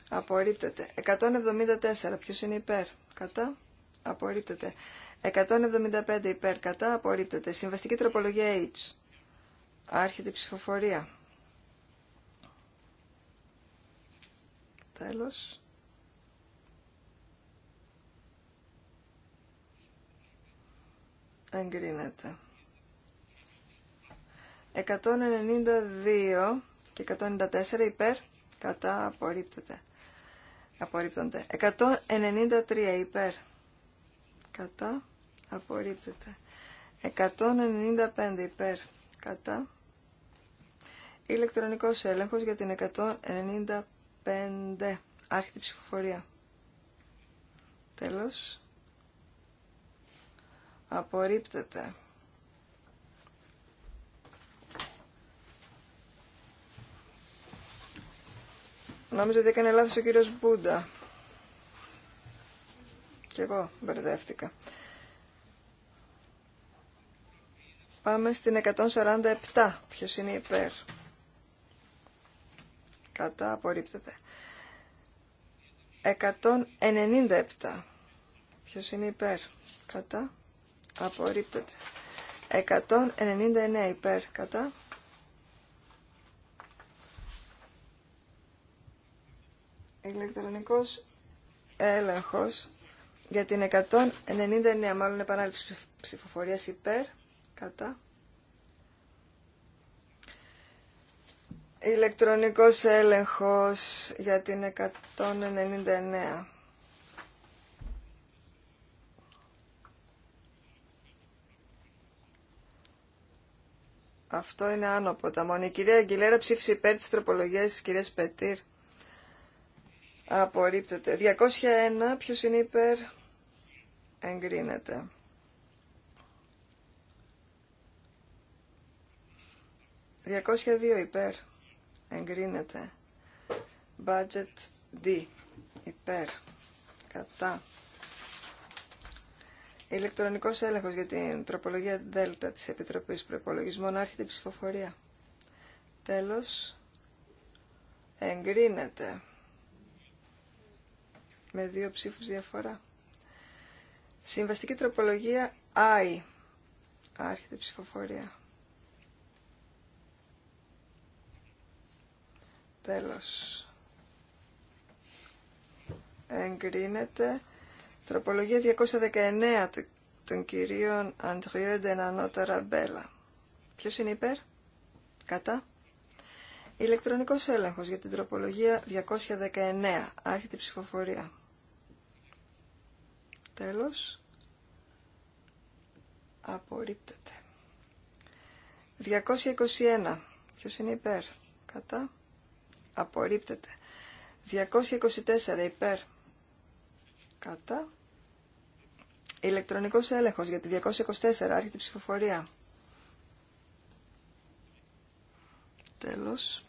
απορρίπτεται 174 ποιος είναι υπέρ κατά απορρίπτεται 175 υπέρ κατά απορρίπτεται συμβαστική τροπολογία H Άρχεται η ψηφοφορία. Τέλος. Εγκρίνεται. 192 και 194 υπέρ κατά απορρίπτεται. Απορρίπτονται. 193 υπέρ κατά απορρίπτεται. 195 υπέρ κατά Ηλεκτρονικός έλεγχος για την 195. άρχιτη ψηφοφορία. Τέλος. Απορρίπτεται. Νόμιζα ότι έκανε λάθος ο κύριος Μπούντα. Κι εγώ μπερδεύτηκα. Πάμε στην 147. Ποιος είναι υπέρ. Κατά απορρίπτεται. 197. Ποιος είναι υπέρ. Κατά απορρίπτεται. 199 υπέρ. Κατά ηλεκτρονικός έλεγχος για την 199 μάλλον επανάληψη ψηφοφορίας υπέρ κατά Ηλεκτρονικός έλεγχος για την 199. Αυτό είναι άνω Μόνη Η κυρία Αγγιλέρα ψήφισε υπέρ της τροπολογίας της κυρίας Πετήρ. Απορρίπτεται. 201. Ποιος είναι υπέρ. Εγκρίνεται. 202 υπέρ εγκρίνεται. Budget D, υπέρ, κατά. Ηλεκτρονικό έλεγχος για την τροπολογία Δέλτα της Επιτροπής προπολογισμών. άρχεται η ψηφοφορία. Τέλος, εγκρίνεται με δύο ψήφους διαφορά. Συμβαστική τροπολογία I, άρχεται η ψηφοφορία. Τέλος. Εγκρίνεται. Τροπολογία 219 των κυρίων Αντριού Ντενανότα Μπέλα. Ποιος είναι υπέρ? Κατά. Ηλεκτρονικός έλεγχος για την τροπολογία 219. Άρχεται ψηφοφορία. Τέλος. Απορρίπτεται. 221. Ποιος είναι υπέρ? Κατά. Απορρίπτεται. 224 υπέρ. Κατά. Ηλεκτρονικός έλεγχος για τη 224. Άρχιτη ψηφοφορία. Τέλος.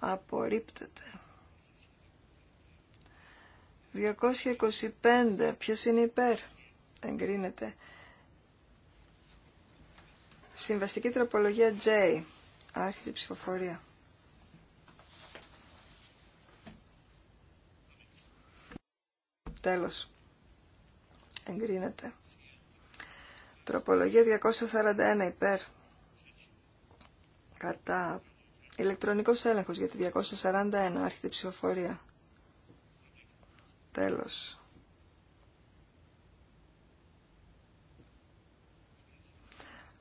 Απορρίπτεται. 225. Ποιος είναι υπέρ. Εγκρίνεται. Συμβαστική τροπολογία J. Άρχισε ψηφοφορία. Τέλος. Εγκρίνεται. Τροπολογία 241 υπέρ. Κατά. Ηλεκτρονικός έλεγχος για τη 241. Άρχισε η ψηφοφορία. Τέλος.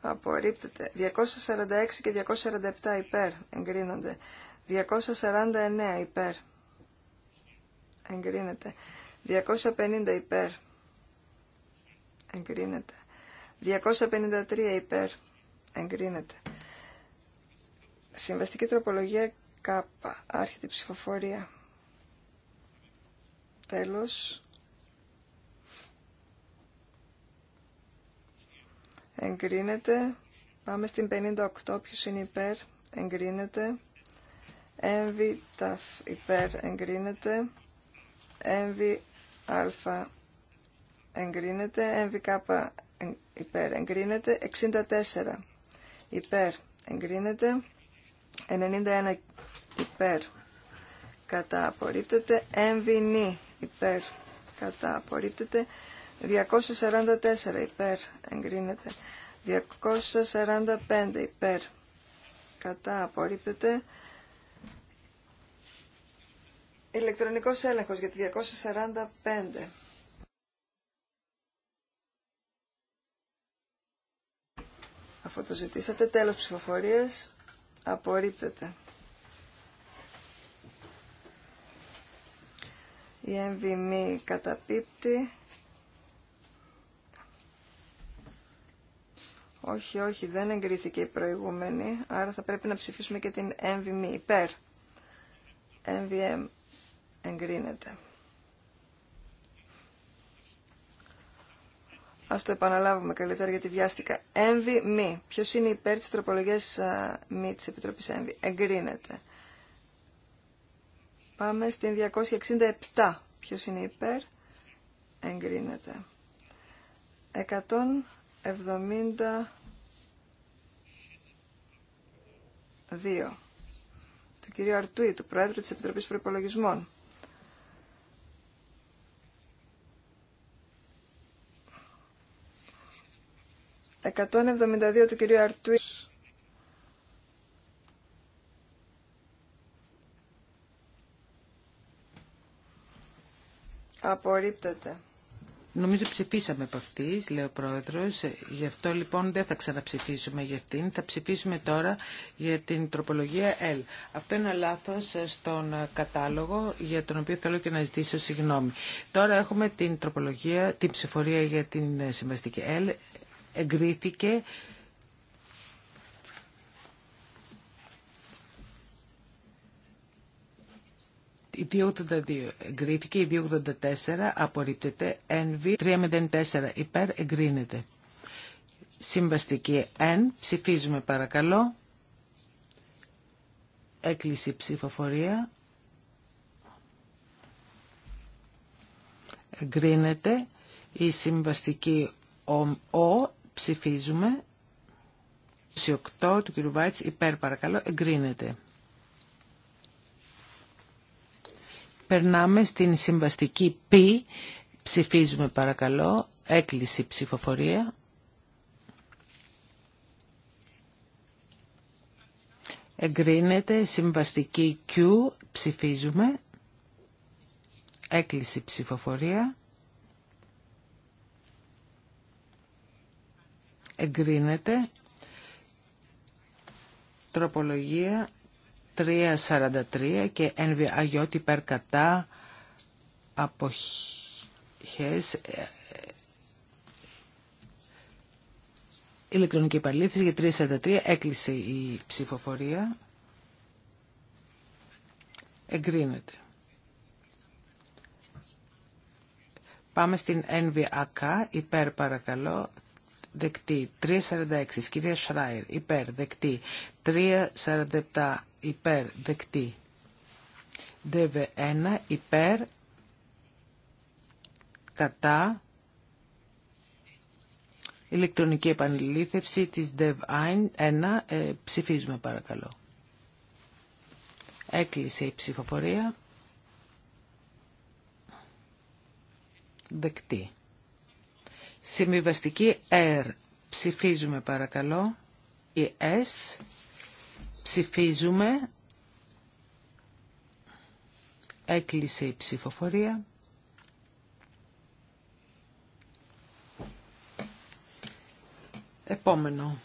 απορρίπτεται. 246 και 247 υπέρ εγκρίνονται. 249 υπέρ εγκρίνεται. 250 υπέρ εγκρίνεται. 253 υπέρ εγκρίνεται. Συμβαστική τροπολογία κάπα Άρχεται η ψηφοφορία. Τέλος. εγκρίνεται. Πάμε στην 58, ποιος είναι υπέρ, εγκρίνεται. τα ταφ υπέρ, εγκρίνεται. Έμβι α, εγκρίνεται. Έμβι κάπα, υπέρ, εγκρίνεται. 64, υπέρ, εγκρίνεται. 91, υπέρ, κατά, απορρίπτεται. ιπέρ νι. υπέρ, κατά, απορρίπτεται. 244 υπέρ εγκρίνεται. 245 υπέρ κατά απορρίπτεται. Ηλεκτρονικός έλεγχος για τη 245. Αφού το ζητήσατε, τέλος ψηφοφορίας, απορρίπτεται. Η MVM καταπίπτει. Όχι, όχι, δεν εγκρίθηκε η προηγούμενη, άρα θα πρέπει να ψηφίσουμε και την MVM υπέρ. MVM εγκρίνεται. Ας το επαναλάβουμε καλύτερα γιατί βιάστηκα. MVM. Ποιος είναι υπέρ της τροπολογίας μη της Επιτροπής MV. Εγκρίνεται. Πάμε στην 267. Ποιος είναι υπέρ. Εγκρίνεται. 100 72 του κυρίου Αρτουή, του Πρόεδρου της Επιτροπής Προϋπολογισμών. «172 του κυρίου Αρτουή». Απορρίπτεται. Νομίζω ψηφίσαμε από αυτή, λέει ο πρόεδρο. Γι' αυτό λοιπόν δεν θα ξαναψηφίσουμε για αυτήν. Θα ψηφίσουμε τώρα για την τροπολογία L. Αυτό είναι λάθο στον κατάλογο για τον οποίο θέλω και να ζητήσω συγγνώμη. Τώρα έχουμε την τροπολογία, την ψηφορία για την συμβαστική L. Εγκρίθηκε Η 282 εγκρίθηκε, η 284 απορρίπτεται, NV 304 υπέρ εγκρίνεται. Συμβαστική N, ψηφίζουμε παρακαλώ. Έκλεισε ψηφοφορία. Εγκρίνεται. Η συμβαστική Ο, ψηφίζουμε. 28 του κ. Βάιτς υπέρ παρακαλώ εγκρίνεται. Περνάμε στην συμβαστική π. Ψηφίζουμε παρακαλώ. Έκλειση ψηφοφορία. Εγκρίνεται συμβαστική Q. Ψηφίζουμε. Έκλειση ψηφοφορία. Εγκρίνεται. Τροπολογία 343 και ένβια αγιώτη υπέρ κατά αποχές ε, ε, ηλεκτρονική υπαλλήφθηση για 343 έκλεισε η ψηφοφορία εγκρίνεται Πάμε στην NVAK, υπέρ παρακαλώ, δεκτή. 3.46, κυρία Σράιρ, υπέρ, δεκτή. 3.47, υπέρ ΔΕΒΕ ΔΒ1 υπέρ κατά ηλεκτρονική επανελήθευση της Ein. 1 ε, ψηφίζουμε παρακαλώ. Έκλεισε η ψηφοφορία. Δεκτή. Συμβιβαστική R. Ψηφίζουμε παρακαλώ. Η S Ψηφίζουμε. Έκλεισε η ψηφοφορία. Επόμενο.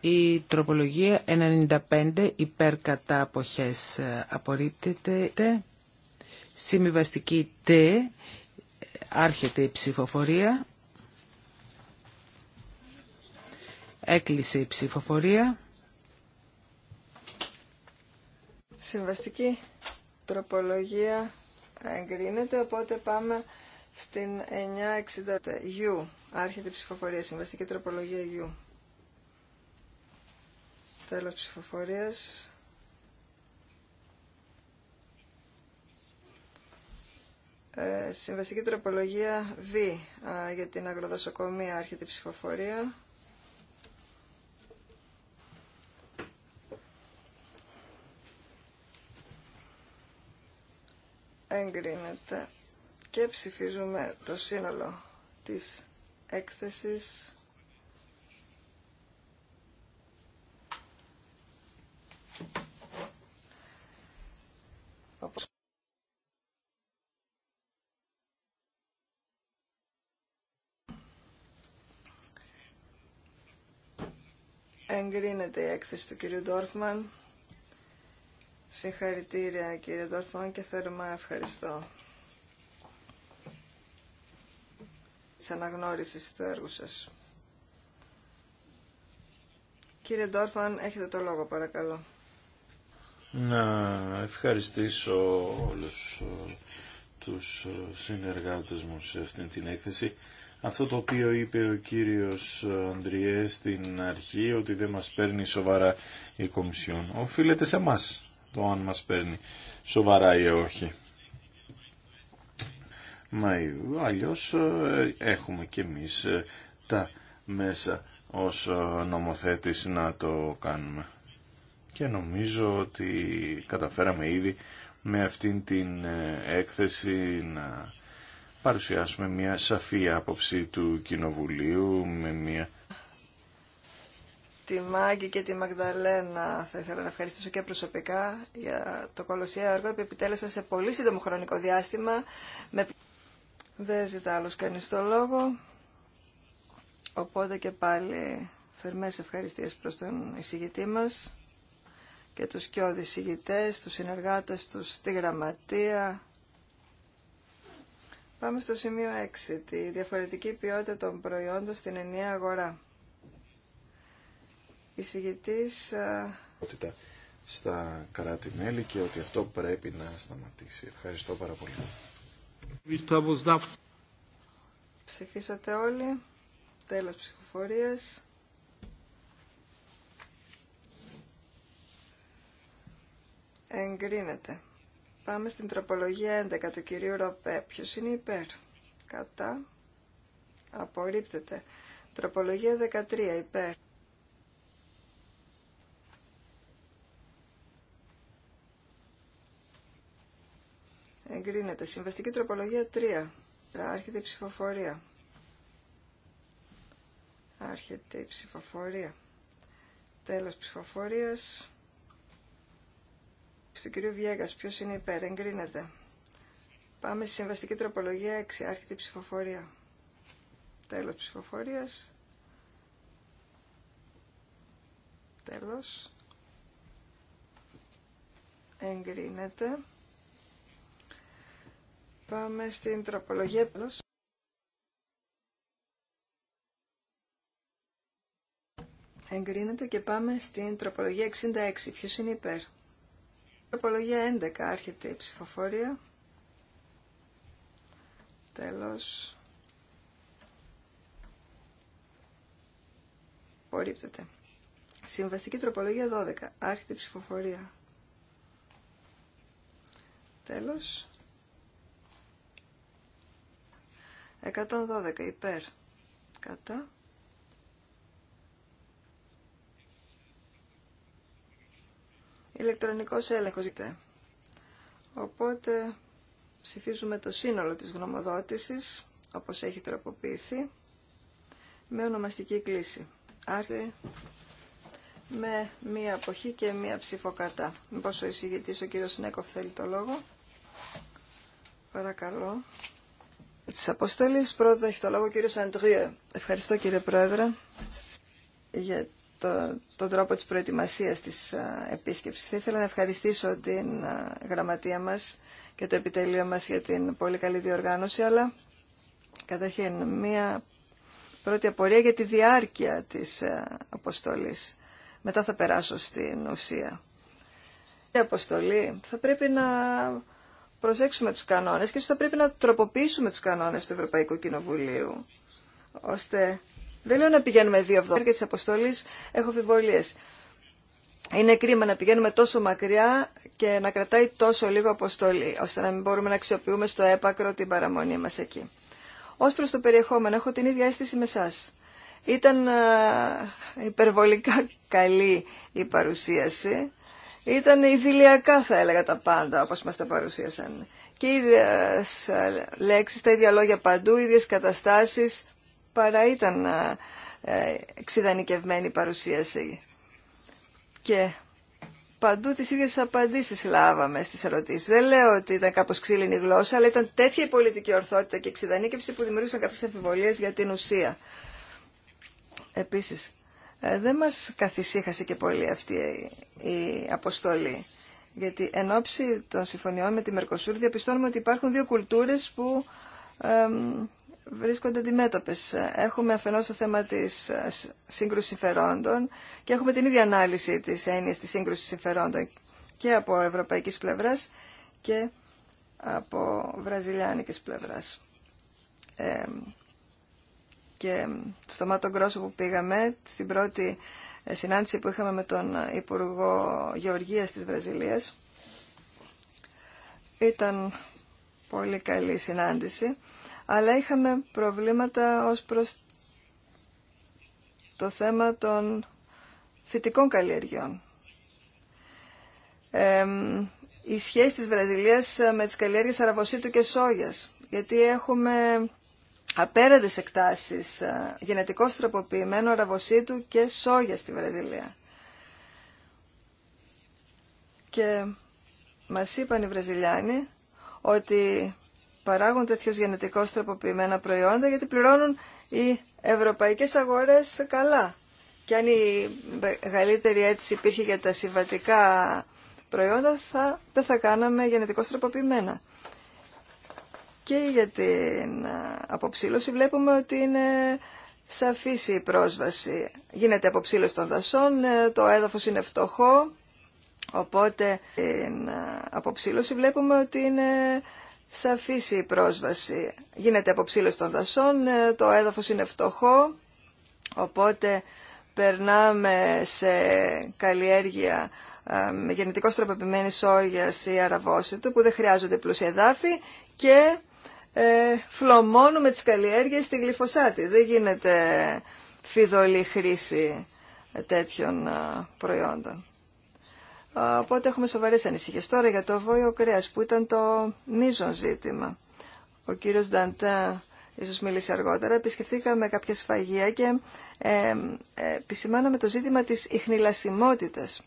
Η τροπολογία 95 υπέρ κατά αποχές ε, απορρίπτεται. Συμβιβαστική T. Ε, άρχεται η ψηφοφορία. Έκλεισε η ψηφοφορία. Συμβαστική τροπολογία εγκρίνεται, οπότε πάμε στην 960 U. Άρχεται η ψηφοφορία, συμβαστική τροπολογία U. Τέλος ψηφοφορίας. Ε, συμβαστική τροπολογία V για την αγροδοσοκομεία άρχεται η ψηφοφορία. εγκρίνεται και ψηφίζουμε το σύνολο της έκθεσης εγκρίνεται η έκθεση του κυρίου Ντόρφμαν Συγχαρητήρια κύριε Δορφόν και θερμά ευχαριστώ της αναγνώριση του έργου σας. Κύριε Ντόρφαν, έχετε το λόγο παρακαλώ. Να ευχαριστήσω όλους ε, τους ε, συνεργάτες μου σε αυτήν την έκθεση. Αυτό το οποίο είπε ο κύριος Αντριέ στην αρχή, ότι δεν μας παίρνει σοβαρά η Κομισιόν, οφείλεται σε μας το αν μας παίρνει σοβαρά ή όχι. Μα αλλιώς ε, έχουμε κι εμείς ε, τα μέσα ως ε, νομοθέτης να το κάνουμε. Και νομίζω ότι καταφέραμε ήδη με αυτήν την έκθεση να παρουσιάσουμε μια σαφή άποψη του Κοινοβουλίου με μια τη Μάγκη και τη Μαγδαλένα θα ήθελα να ευχαριστήσω και προσωπικά για το κολοσσιαίο έργο που επιτέλεσα σε πολύ σύντομο χρονικό διάστημα. Με... Δεν ζητά άλλο κανεί το λόγο, οπότε και πάλι θερμές ευχαριστίες προς τον εισηγητή μας και τους κοιόδη εισηγητές, τους συνεργάτες τους τη γραμματεία. Πάμε στο σημείο 6, τη διαφορετική ποιότητα των προϊόντων στην ενιαία αγορά εισηγητής ε, στα κράτη-μέλη και ότι αυτό πρέπει να σταματήσει. Ευχαριστώ πάρα πολύ. Ψηφίσατε όλοι. Τέλος ψηφοφορίας. Εγκρίνεται. Πάμε στην τροπολογία 11 του κυρίου Ροπέ. Ποιος είναι υπέρ. Κατά. Απορρίπτεται. Τροπολογία 13 υπέρ. εγκρίνεται. Συμβαστική τροπολογία 3. Άρχεται η ψηφοφορία. Άρχεται η ψηφοφορία. Τέλος ψηφοφορίας. Στον κύριο Βιέγκας, ποιος είναι υπέρ, εγκρίνεται. Πάμε στη συμβαστική τροπολογία 6. Άρχεται η ψηφοφορία. Τέλος ψηφοφορίας. Τέλος. Εγκρίνεται. Πάμε στην τροπολογία. Εγκρίνεται και πάμε στην τροπολογία 66. Ποιος είναι υπέρ. Τροπολογία 11. Άρχεται η ψηφοφορία. Τέλος. Απορρίπτεται. Συμβαστική τροπολογία 12. Άρχεται η ψηφοφορία. Τέλος. 112 υπέρ κατά ηλεκτρονικός έλεγχος είτε. οπότε ψηφίζουμε το σύνολο της γνωμοδότησης όπως έχει τροποποιηθεί με ονομαστική κλίση Άρα με μία αποχή και μία ψηφοκατά. Μήπως ο εισηγητής ο κύριος Νέκοφ θέλει το λόγο. Παρακαλώ. Τη αποστολή πρώτα έχει το λόγο ο κύριο Αντρίε. Ευχαριστώ κύριε Πρόεδρε για το, τον τρόπο της προετοιμασίας της επίσκεψης. Θα ήθελα να ευχαριστήσω την γραμματεία μας και το επιτελείο μας για την πολύ καλή διοργάνωση, αλλά καταρχήν μία πρώτη απορία για τη διάρκεια της αποστολής. Μετά θα περάσω στην ουσία. Η αποστολή θα πρέπει να προσέξουμε τους κανόνες και ίσως θα πρέπει να τροποποιήσουμε τους κανόνες του Ευρωπαϊκού Κοινοβουλίου, ώστε δεν λέω να πηγαίνουμε δύο εβδομάδες και τη αποστολής έχω φιβολίες. Είναι κρίμα να πηγαίνουμε τόσο μακριά και να κρατάει τόσο λίγο αποστολή, ώστε να μην μπορούμε να αξιοποιούμε στο έπακρο την παραμονή μας εκεί. Ως προς το περιεχόμενο, έχω την ίδια αίσθηση με εσάς. Ήταν ε, υπερβολικά καλή η παρουσίαση ήταν ιδηλιακά θα έλεγα τα πάντα όπως μας τα παρουσίασαν. Και ίδιες ε, λέξεις, τα ίδια λόγια παντού, ίδιες καταστάσεις, παρά ήταν ε, εξειδανικευμένη παρουσίαση. Και παντού τις ίδιες απαντήσεις λάβαμε στις ερωτήσεις. Δεν λέω ότι ήταν κάπως ξύλινη γλώσσα, αλλά ήταν τέτοια η πολιτική ορθότητα και εξειδανίκευση που δημιουργούσαν κάποιες αμφιβολίες για την ουσία. Επίσης, ε, δεν μας καθησύχασε και πολύ αυτή η αποστολή. Γιατί εν ώψη των συμφωνιών με τη Μερκοσούρ διαπιστώνουμε ότι υπάρχουν δύο κουλτούρες που βρίσκονται αντιμέτωπες. Έχουμε αφενός το θέμα της ε, σύγκρουσης συμφερόντων και έχουμε την ίδια ανάλυση της έννοιας της σύγκρουσης συμφερόντων και από ευρωπαϊκής πλευράς και από βραζιλιάνικης πλευράς. Ε, και στο Μάτο Γκρόσο που πήγαμε, στην πρώτη ε, συνάντηση που είχαμε με τον ε, Υπουργό Γεωργίας της Βραζιλίας. Ήταν πολύ καλή συνάντηση, αλλά είχαμε προβλήματα ως προς το θέμα των φυτικών καλλιεργειών. η σχέση της Βραζιλίας ε, με τις καλλιέργειες αραβοσίτου και σόγιας, γιατί έχουμε απέραντες εκτάσεις ε, γενετικώς τροποποιημένου αραβοσίτου και σόγια στη Βραζιλία. Και μας είπαν οι Βραζιλιάνοι ότι παράγουν τέτοιους γενετικώς τροποποιημένα προϊόντα γιατί πληρώνουν οι ευρωπαϊκές αγορές καλά. Και αν η μεγαλύτερη έτσι υπήρχε για τα συμβατικά προϊόντα θα, δεν θα κάναμε γενετικώς τροποποιημένα και για την αποψήλωση βλέπουμε ότι είναι σαφής η πρόσβαση. Γίνεται αποψήλωση των δασών, ε, το έδαφος είναι φτωχό, οπότε την αποψήλωση βλέπουμε ότι είναι σαφής η πρόσβαση. Γίνεται αποψήλωση των δασών, ε, το έδαφος είναι φτωχό, οπότε περνάμε σε καλλιέργεια γεννητικό τροποποιημένη σόγιας ή αραβόσιτου που δεν χρειάζονται πλούσια εδάφη και ε, φλωμώνουμε τις καλλιέργειες στη γλυφοσάτη. Δεν γίνεται φιδωλή χρήση τέτοιων ε, προϊόντων. Οπότε έχουμε σοβαρές ανησυχίες. Τώρα για το βόλιο κρέας που ήταν το μείζον ζήτημα. Ο κύριος Νταντά ίσως μίλησε αργότερα. Επισκεφθήκαμε κάποια σφαγεία και ε, ε, επισημάναμε το ζήτημα της ιχνηλασιμότητας.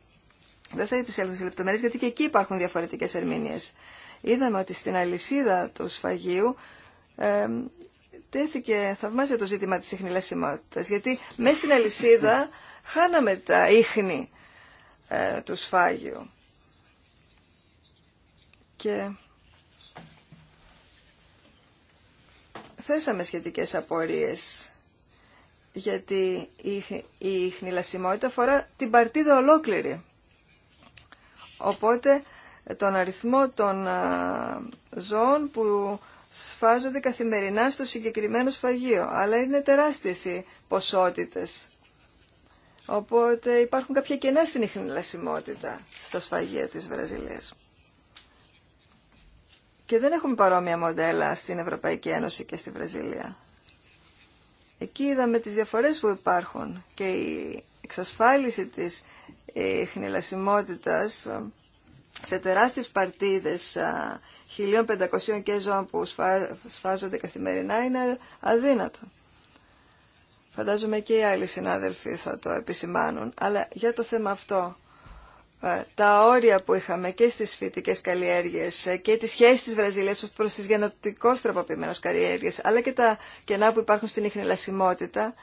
Δεν θα επισέλθω σε λεπτομέρειες γιατί και εκεί υπάρχουν διαφορετικές ερμηνείες είδαμε ότι στην αλυσίδα του σφαγίου ε, τέθηκε θαυμάσια το ζήτημα της ιχνηλασιμότητας, γιατί μέσα στην αλυσίδα χάναμε τα ίχνη ε, του σφάγιου. Και θέσαμε σχετικές απορίες γιατί η ιχνηλασιμότητα αφορά την παρτίδα ολόκληρη. Οπότε τον αριθμό των ζώων που σφάζονται καθημερινά στο συγκεκριμένο σφαγείο. Αλλά είναι τεράστιες οι ποσότητες. Οπότε υπάρχουν κάποια κενά στην ιχνηλασιμότητα στα σφαγεία της Βραζιλίας. Και δεν έχουμε παρόμοια μοντέλα στην Ευρωπαϊκή Ένωση και στη Βραζιλία. Εκεί είδαμε τις διαφορές που υπάρχουν και η εξασφάλιση της ε, χνηλασιμότητας σε τεράστιες παρτίδες 1.500 και ζώων που σφάζονται καθημερινά είναι αδύνατο. Φαντάζομαι και οι άλλοι συνάδελφοι θα το επισημάνουν. Αλλά για το θέμα αυτό, ε, τα όρια που είχαμε και στις φυτικές καλλιέργειες ε, και τις σχέσεις της Βραζιλίας προς τις γενοτικώς τροποποιημένες καλλιέργειες, αλλά και τα κενά που υπάρχουν στην ιχνηλασιμότητα,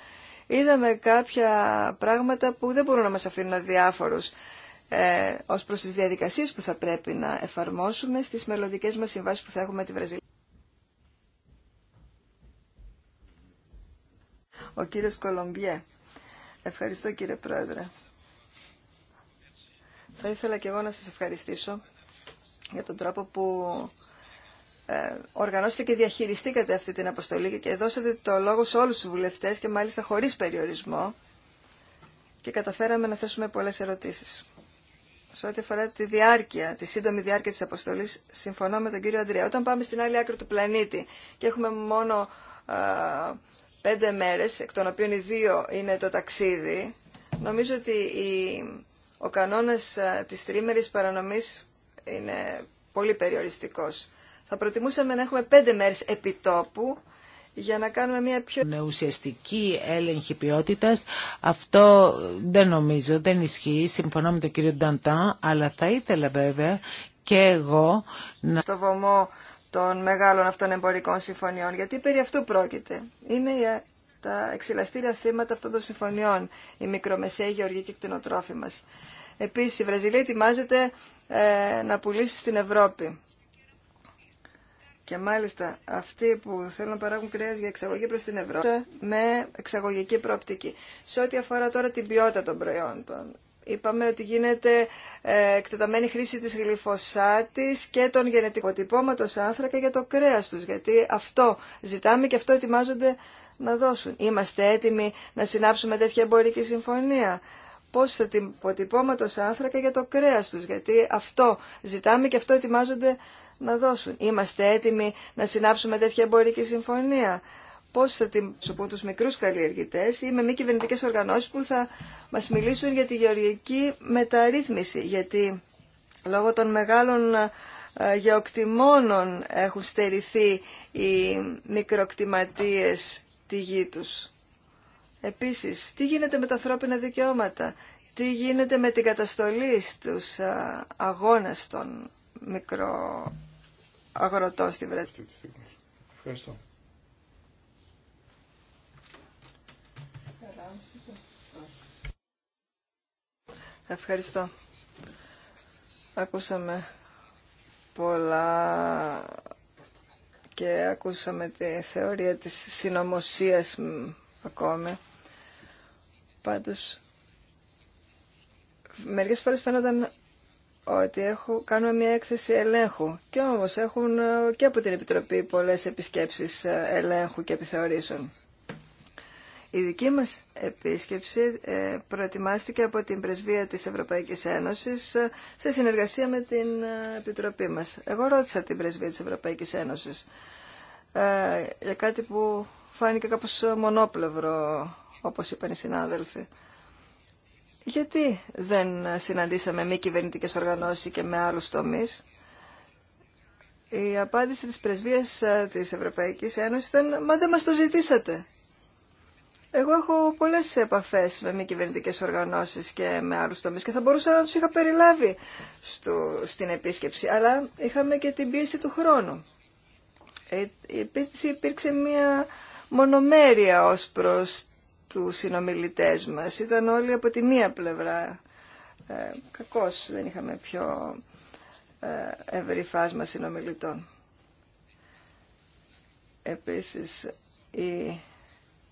είδαμε κάποια πράγματα που δεν μπορούν να μας αφήνουν αδιάφορους ε, ως προς τις διαδικασίες που θα πρέπει να εφαρμόσουμε στις μελλοντικέ μας συμβάσεις που θα έχουμε με τη Βραζιλία. Ο κύριος Κολομπιέ. Ευχαριστώ κύριε Πρόεδρε. Θα ήθελα και εγώ να σας ευχαριστήσω για τον τρόπο που ε, οργανώσετε και διαχειριστήκατε αυτή την αποστολή και δώσατε το λόγο σε όλους τους βουλευτές και μάλιστα χωρίς περιορισμό και καταφέραμε να θέσουμε πολλές ερωτήσεις σε ό,τι αφορά τη διάρκεια, τη σύντομη διάρκεια της αποστολής, συμφωνώ με τον κύριο Αντρέα. Όταν πάμε στην άλλη άκρη του πλανήτη και έχουμε μόνο πέντε μέρες, εκ των οποίων οι δύο είναι το ταξίδι, νομίζω ότι η, ο κανόνας α, της τρίμερης παρανομής είναι πολύ περιοριστικός. Θα προτιμούσαμε να έχουμε πέντε μέρες επιτόπου για να κάνουμε μια πιο... Ουσιαστική έλεγχη ποιότητας, αυτό δεν νομίζω, δεν ισχύει, συμφωνώ με τον κύριο Νταντάν, αλλά θα ήθελα βέβαια και εγώ να... Στο βωμό των μεγάλων αυτών εμπορικών συμφωνιών, γιατί περί αυτού πρόκειται. Είναι τα εξηλαστήρια θύματα αυτών των συμφωνιών, η μικρομεσαία γεωργική κτηνοτρόφοι μας. Επίσης, η Βραζιλία ετοιμάζεται ε, να πουλήσει στην Ευρώπη και μάλιστα αυτοί που θέλουν να παράγουν κρέα για εξαγωγή προ την Ευρώπη με εξαγωγική προοπτική. Σε ό,τι αφορά τώρα την ποιότητα των προϊόντων. Είπαμε ότι γίνεται ε, εκτεταμένη χρήση της γλυφοσάτης και των γενετικών. αποτυπώματο άνθρακα για το κρέας τους. Γιατί αυτό ζητάμε και αυτό ετοιμάζονται να δώσουν. Είμαστε έτοιμοι να συνάψουμε τέτοια εμπορική συμφωνία. Πώς θα την αποτυπώματος άνθρακα για το κρέας τους. Γιατί αυτό ζητάμε και αυτό ετοιμάζονται να δώσουν. Είμαστε έτοιμοι να συνάψουμε τέτοια εμπορική συμφωνία. Πώ θα την πούν του μικρού καλλιεργητέ ή με μη κυβερνητικέ οργανώσει που θα μα μιλήσουν για τη γεωργική μεταρρύθμιση. Γιατί λόγω των μεγάλων ε, γεωκτημόνων έχουν στερηθεί οι μικροκτηματίες τη γη τους. Επίσης, τι γίνεται με τα ανθρώπινα δικαιώματα, τι γίνεται με την καταστολή στους ε, αγώνες των μικρο αγροτό στη Βρετανία. Ευχαριστώ. Ευχαριστώ. Ακούσαμε πολλά και ακούσαμε τη θεωρία της συνωμοσία ακόμη. Πάντως, μερικές φορές φαίνονταν ότι έχω κάνουμε μια έκθεση ελέγχου και όμως έχουν ε, και από την Επιτροπή πολλές επισκέψεις ε, ελέγχου και επιθεωρήσεων. Η δική μας επίσκεψη ε, προετοιμάστηκε από την Πρεσβεία της Ευρωπαϊκής Ένωσης σε συνεργασία με την Επιτροπή μας. Εγώ ρώτησα την Πρεσβεία της Ευρωπαϊκής Ένωσης για κάτι που φάνηκε κάπως μονόπλευρο, όπως είπαν οι συνάδελφοι. Γιατί δεν συναντήσαμε μη κυβερνητικέ οργανώσεις και με άλλους τομεί. Η απάντηση της πρεσβείας ε, της Ευρωπαϊκής Ένωσης ήταν «Μα δεν μας το ζητήσατε». Εγώ έχω πολλές επαφές με μη κυβερνητικέ οργανώσεις και με άλλους τομείς και θα μπορούσα να τους είχα περιλάβει στην επίσκεψη, αλλά είχαμε και την πίεση του χρόνου. Η ε, επίσκεψη υπήρξε μια μονομέρεια ως προς του συνομιλητές μας. Ήταν όλοι από τη μία πλευρά. Ε, δεν είχαμε πιο ε, ευρύ φάσμα συνομιλητών. Επίσης, η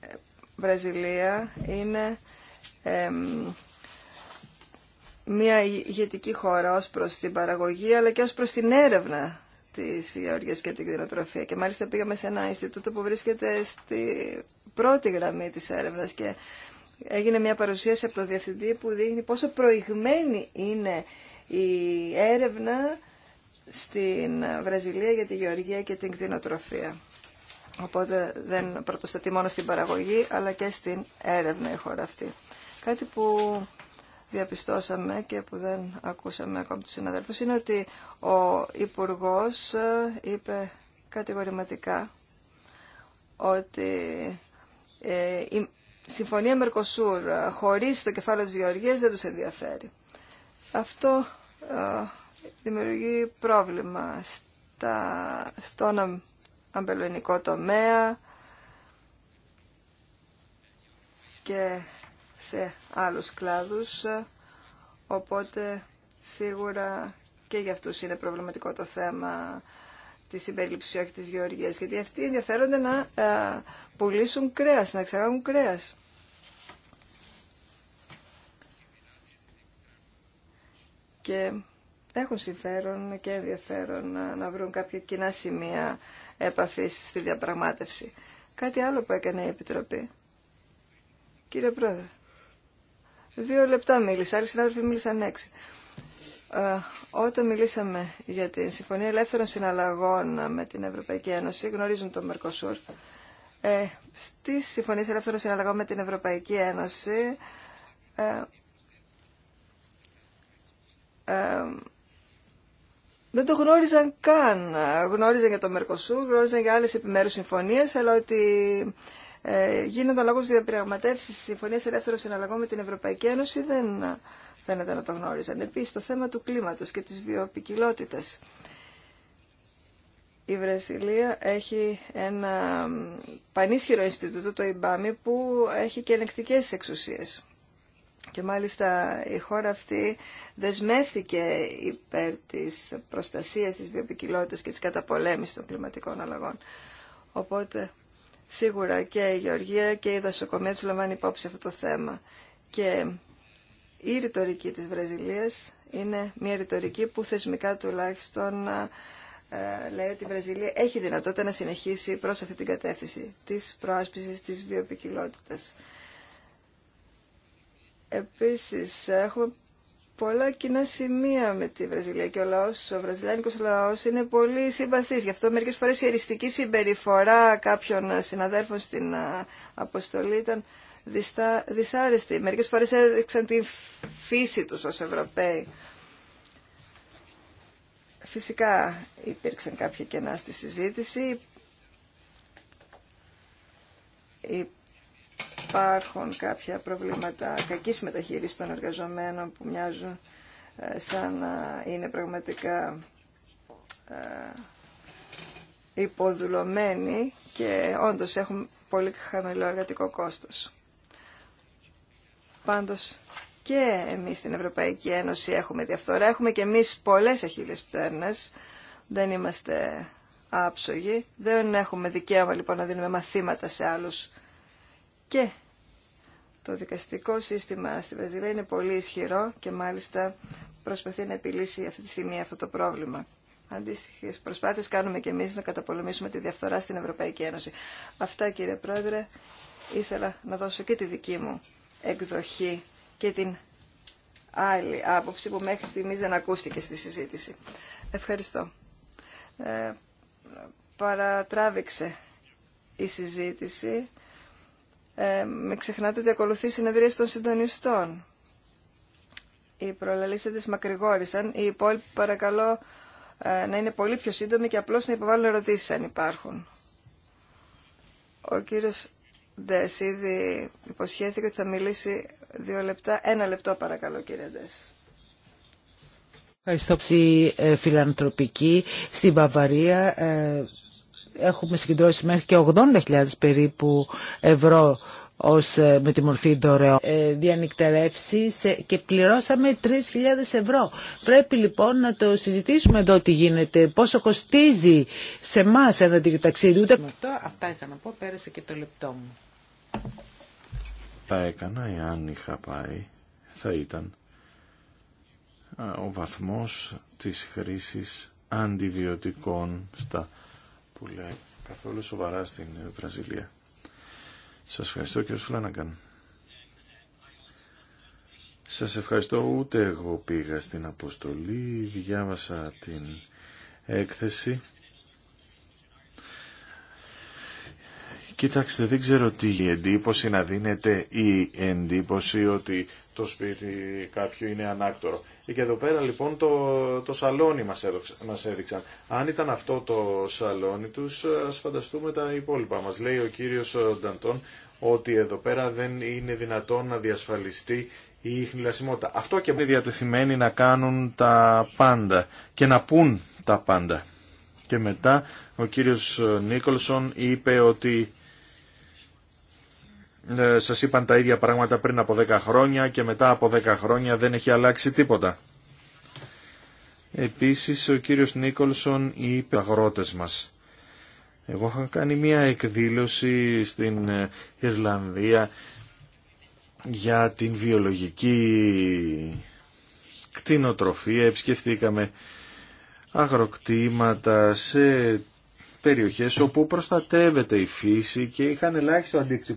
ε, Βραζιλία είναι μια ηγετική χώρα ως προς την παραγωγή αλλά και ως προς την έρευνα της Γεωργίας και την κτηνοτροφία. Και μάλιστα πήγαμε σε ένα Ινστιτούτο που βρίσκεται στη πρώτη γραμμή τη έρευνα και έγινε μια παρουσίαση από το Διευθυντή που δείχνει πόσο προηγμένη είναι η έρευνα στην Βραζιλία για τη γεωργία και την κτηνοτροφία. Οπότε δεν πρωτοστατεί μόνο στην παραγωγή αλλά και στην έρευνα η χώρα αυτή. Κάτι που διαπιστώσαμε και που δεν ακούσαμε ακόμη τους συναδέλφους είναι ότι ο Υπουργός ε, είπε κατηγορηματικά ότι ε, η συμφωνία Μερκοσούρ ε, χωρίς το κεφάλαιο της Γεωργίας δεν τους ενδιαφέρει. Αυτό δημιουργεί πρόβλημα στα, στον αμπελονικό τομέα και σε άλλους κλάδους, οπότε σίγουρα και για αυτούς είναι προβληματικό το θέμα της συμπερίληψης όχι της γεωργίας. Γιατί αυτοί ενδιαφέρονται να ε, πουλήσουν κρέας, να εξαγάγουν κρέας. Και έχουν συμφέρον και ενδιαφέρον να, να βρουν κάποια κοινά σημεία επαφή στη διαπραγμάτευση. Κάτι άλλο που έκανε η Επιτροπή. Κύριε Πρόεδρε, δύο λεπτά μίλησα, άλλοι συνάδελφοι μίλησαν έξι. Ε, όταν μιλήσαμε για την Συμφωνία Ελεύθερων Συναλλαγών με την Ευρωπαϊκή Ένωση, γνωρίζουν το Μερκοσούρ, ε, στις Συμφωνίες Ελεύθερων Συναλλαγών με την Ευρωπαϊκή Ένωση ε, ε δεν το γνώριζαν καν. Γνώριζαν για το Μερκοσούρ, γνώριζαν για άλλες επιμέρους συμφωνίες, αλλά ότι ε, γίνονταν λόγος διαπραγματεύσεις Συμφωνίας ελεύθερων συναλλαγών με την Ευρωπαϊκή Ένωση δεν φαίνεται να το γνώριζαν. Επίσης, το θέμα του κλίματος και της βιοπικιλότητας. Η Βραζιλία έχει ένα πανίσχυρο Ινστιτούτο, το ΙΜΠΑΜΙ, που έχει και ενεκτικές εξουσίες. Και μάλιστα η χώρα αυτή δεσμεύθηκε υπέρ της προστασίας της βιοπικιλότητας και της καταπολέμησης των κλιματικών αλλαγών. Οπότε σίγουρα και η Γεωργία και η δασοκομεία τους λαμβάνει υπόψη αυτό το θέμα. Και η ρητορική της Βραζιλίας είναι μια ρητορική που θεσμικά τουλάχιστον ε, λέει ότι η Βραζιλία έχει δυνατότητα να συνεχίσει προς αυτή την κατεύθυνση της προάσπισης της βιοποικιλότητας. Επίσης, έχουμε πολλά κοινά σημεία με τη Βραζιλία και ο λαός, ο βραζιλιάνικος λαός είναι πολύ συμπαθής. Γι' αυτό μερικές φορές η εριστική συμπεριφορά κάποιων συναδέλφων στην αποστολή ήταν δυσάρεστη. Μερικές φορές έδειξαν την φύση τους ως Ευρωπαίοι. Φυσικά υπήρξαν κάποια κενά στη συζήτηση υπάρχουν κάποια προβλήματα κακής μεταχείρισης των εργαζομένων που μοιάζουν ε, σαν να είναι πραγματικά ε, υποδουλωμένοι και όντως έχουν πολύ χαμηλό εργατικό κόστος. Πάντως και εμείς στην Ευρωπαϊκή Ένωση έχουμε διαφθορά, έχουμε και εμείς πολλές αχίλες πτέρνες, δεν είμαστε άψογοι, δεν έχουμε δικαίωμα λοιπόν να δίνουμε μαθήματα σε άλλους και το δικαστικό σύστημα στη Βραζιλία είναι πολύ ισχυρό και μάλιστα προσπαθεί να επιλύσει αυτή τη στιγμή αυτό το πρόβλημα. Αντίστοιχε προσπάθειε κάνουμε και εμεί να καταπολεμήσουμε τη διαφθορά στην Ευρωπαϊκή Ένωση. Αυτά κύριε Πρόεδρε, ήθελα να δώσω και τη δική μου εκδοχή και την άλλη άποψη που μέχρι στιγμής δεν ακούστηκε στη συζήτηση. Ευχαριστώ. Ε, παρατράβηξε η συζήτηση ε, μην ξεχνάτε ότι ακολουθεί η συνεδρία των συντονιστών. Οι τη μακρηγόρησαν. Οι υπόλοιποι παρακαλώ ε, να είναι πολύ πιο σύντομοι και απλώ να υποβάλουν ερωτήσει αν υπάρχουν. Ο κύριος Ντες ήδη υποσχέθηκε ότι θα μιλήσει δύο λεπτά. Ένα λεπτό παρακαλώ κύριε Ντες. Ευχαριστώ. Ε, φιλανθρωπική στην Βαβαρία ε, Έχουμε συγκεντρώσει μέχρι και 80.000 περίπου ευρώ ως ε, με τη μορφή δωρεών ε, διανυκτερεύσει ε, και πληρώσαμε 3.000 ευρώ. Πρέπει λοιπόν να το συζητήσουμε εδώ τι γίνεται, πόσο κοστίζει σε εμά ένα ταξίδι. Ούτε... αυτό, αυτά είχα να πω, πέρασε και το λεπτό μου. Τα έκανα, εάν είχα πάει, θα ήταν ο βαθμός της χρήσης αντιβιωτικών στα λέει καθόλου σοβαρά στην ε, Βραζιλία. Σας ευχαριστώ κύριε Φλάνακα. Σας ευχαριστώ ούτε εγώ πήγα στην αποστολή, διάβασα την έκθεση. Κοιτάξτε, δεν ξέρω τι η εντύπωση να δίνεται η εντύπωση ότι το σπίτι κάποιου είναι ανάκτορο. Και εδώ πέρα λοιπόν το, το σαλόνι μας, έδωξε, μας έδειξαν. Αν ήταν αυτό το σαλόνι τους, ας φανταστούμε τα υπόλοιπα. Μας λέει ο κύριος Νταντών ότι εδώ πέρα δεν είναι δυνατόν να διασφαλιστεί η χνηλασιμότητα. Αυτό και είναι διατεθειμένοι να κάνουν τα πάντα και να πούν τα πάντα. Και μετά ο κύριος Νίκολσον είπε ότι ε, σας είπαν τα ίδια πράγματα πριν από 10 χρόνια και μετά από 10 χρόνια δεν έχει αλλάξει τίποτα. Επίσης ο κύριος Νίκολσον είπε αγρότες μας. Εγώ είχα κάνει μια εκδήλωση στην ε, Ιρλανδία για την βιολογική κτηνοτροφία. Επισκεφτήκαμε αγροκτήματα σε περιοχές όπου προστατεύεται η φύση και είχαν ελάχιστο αντίκτυπο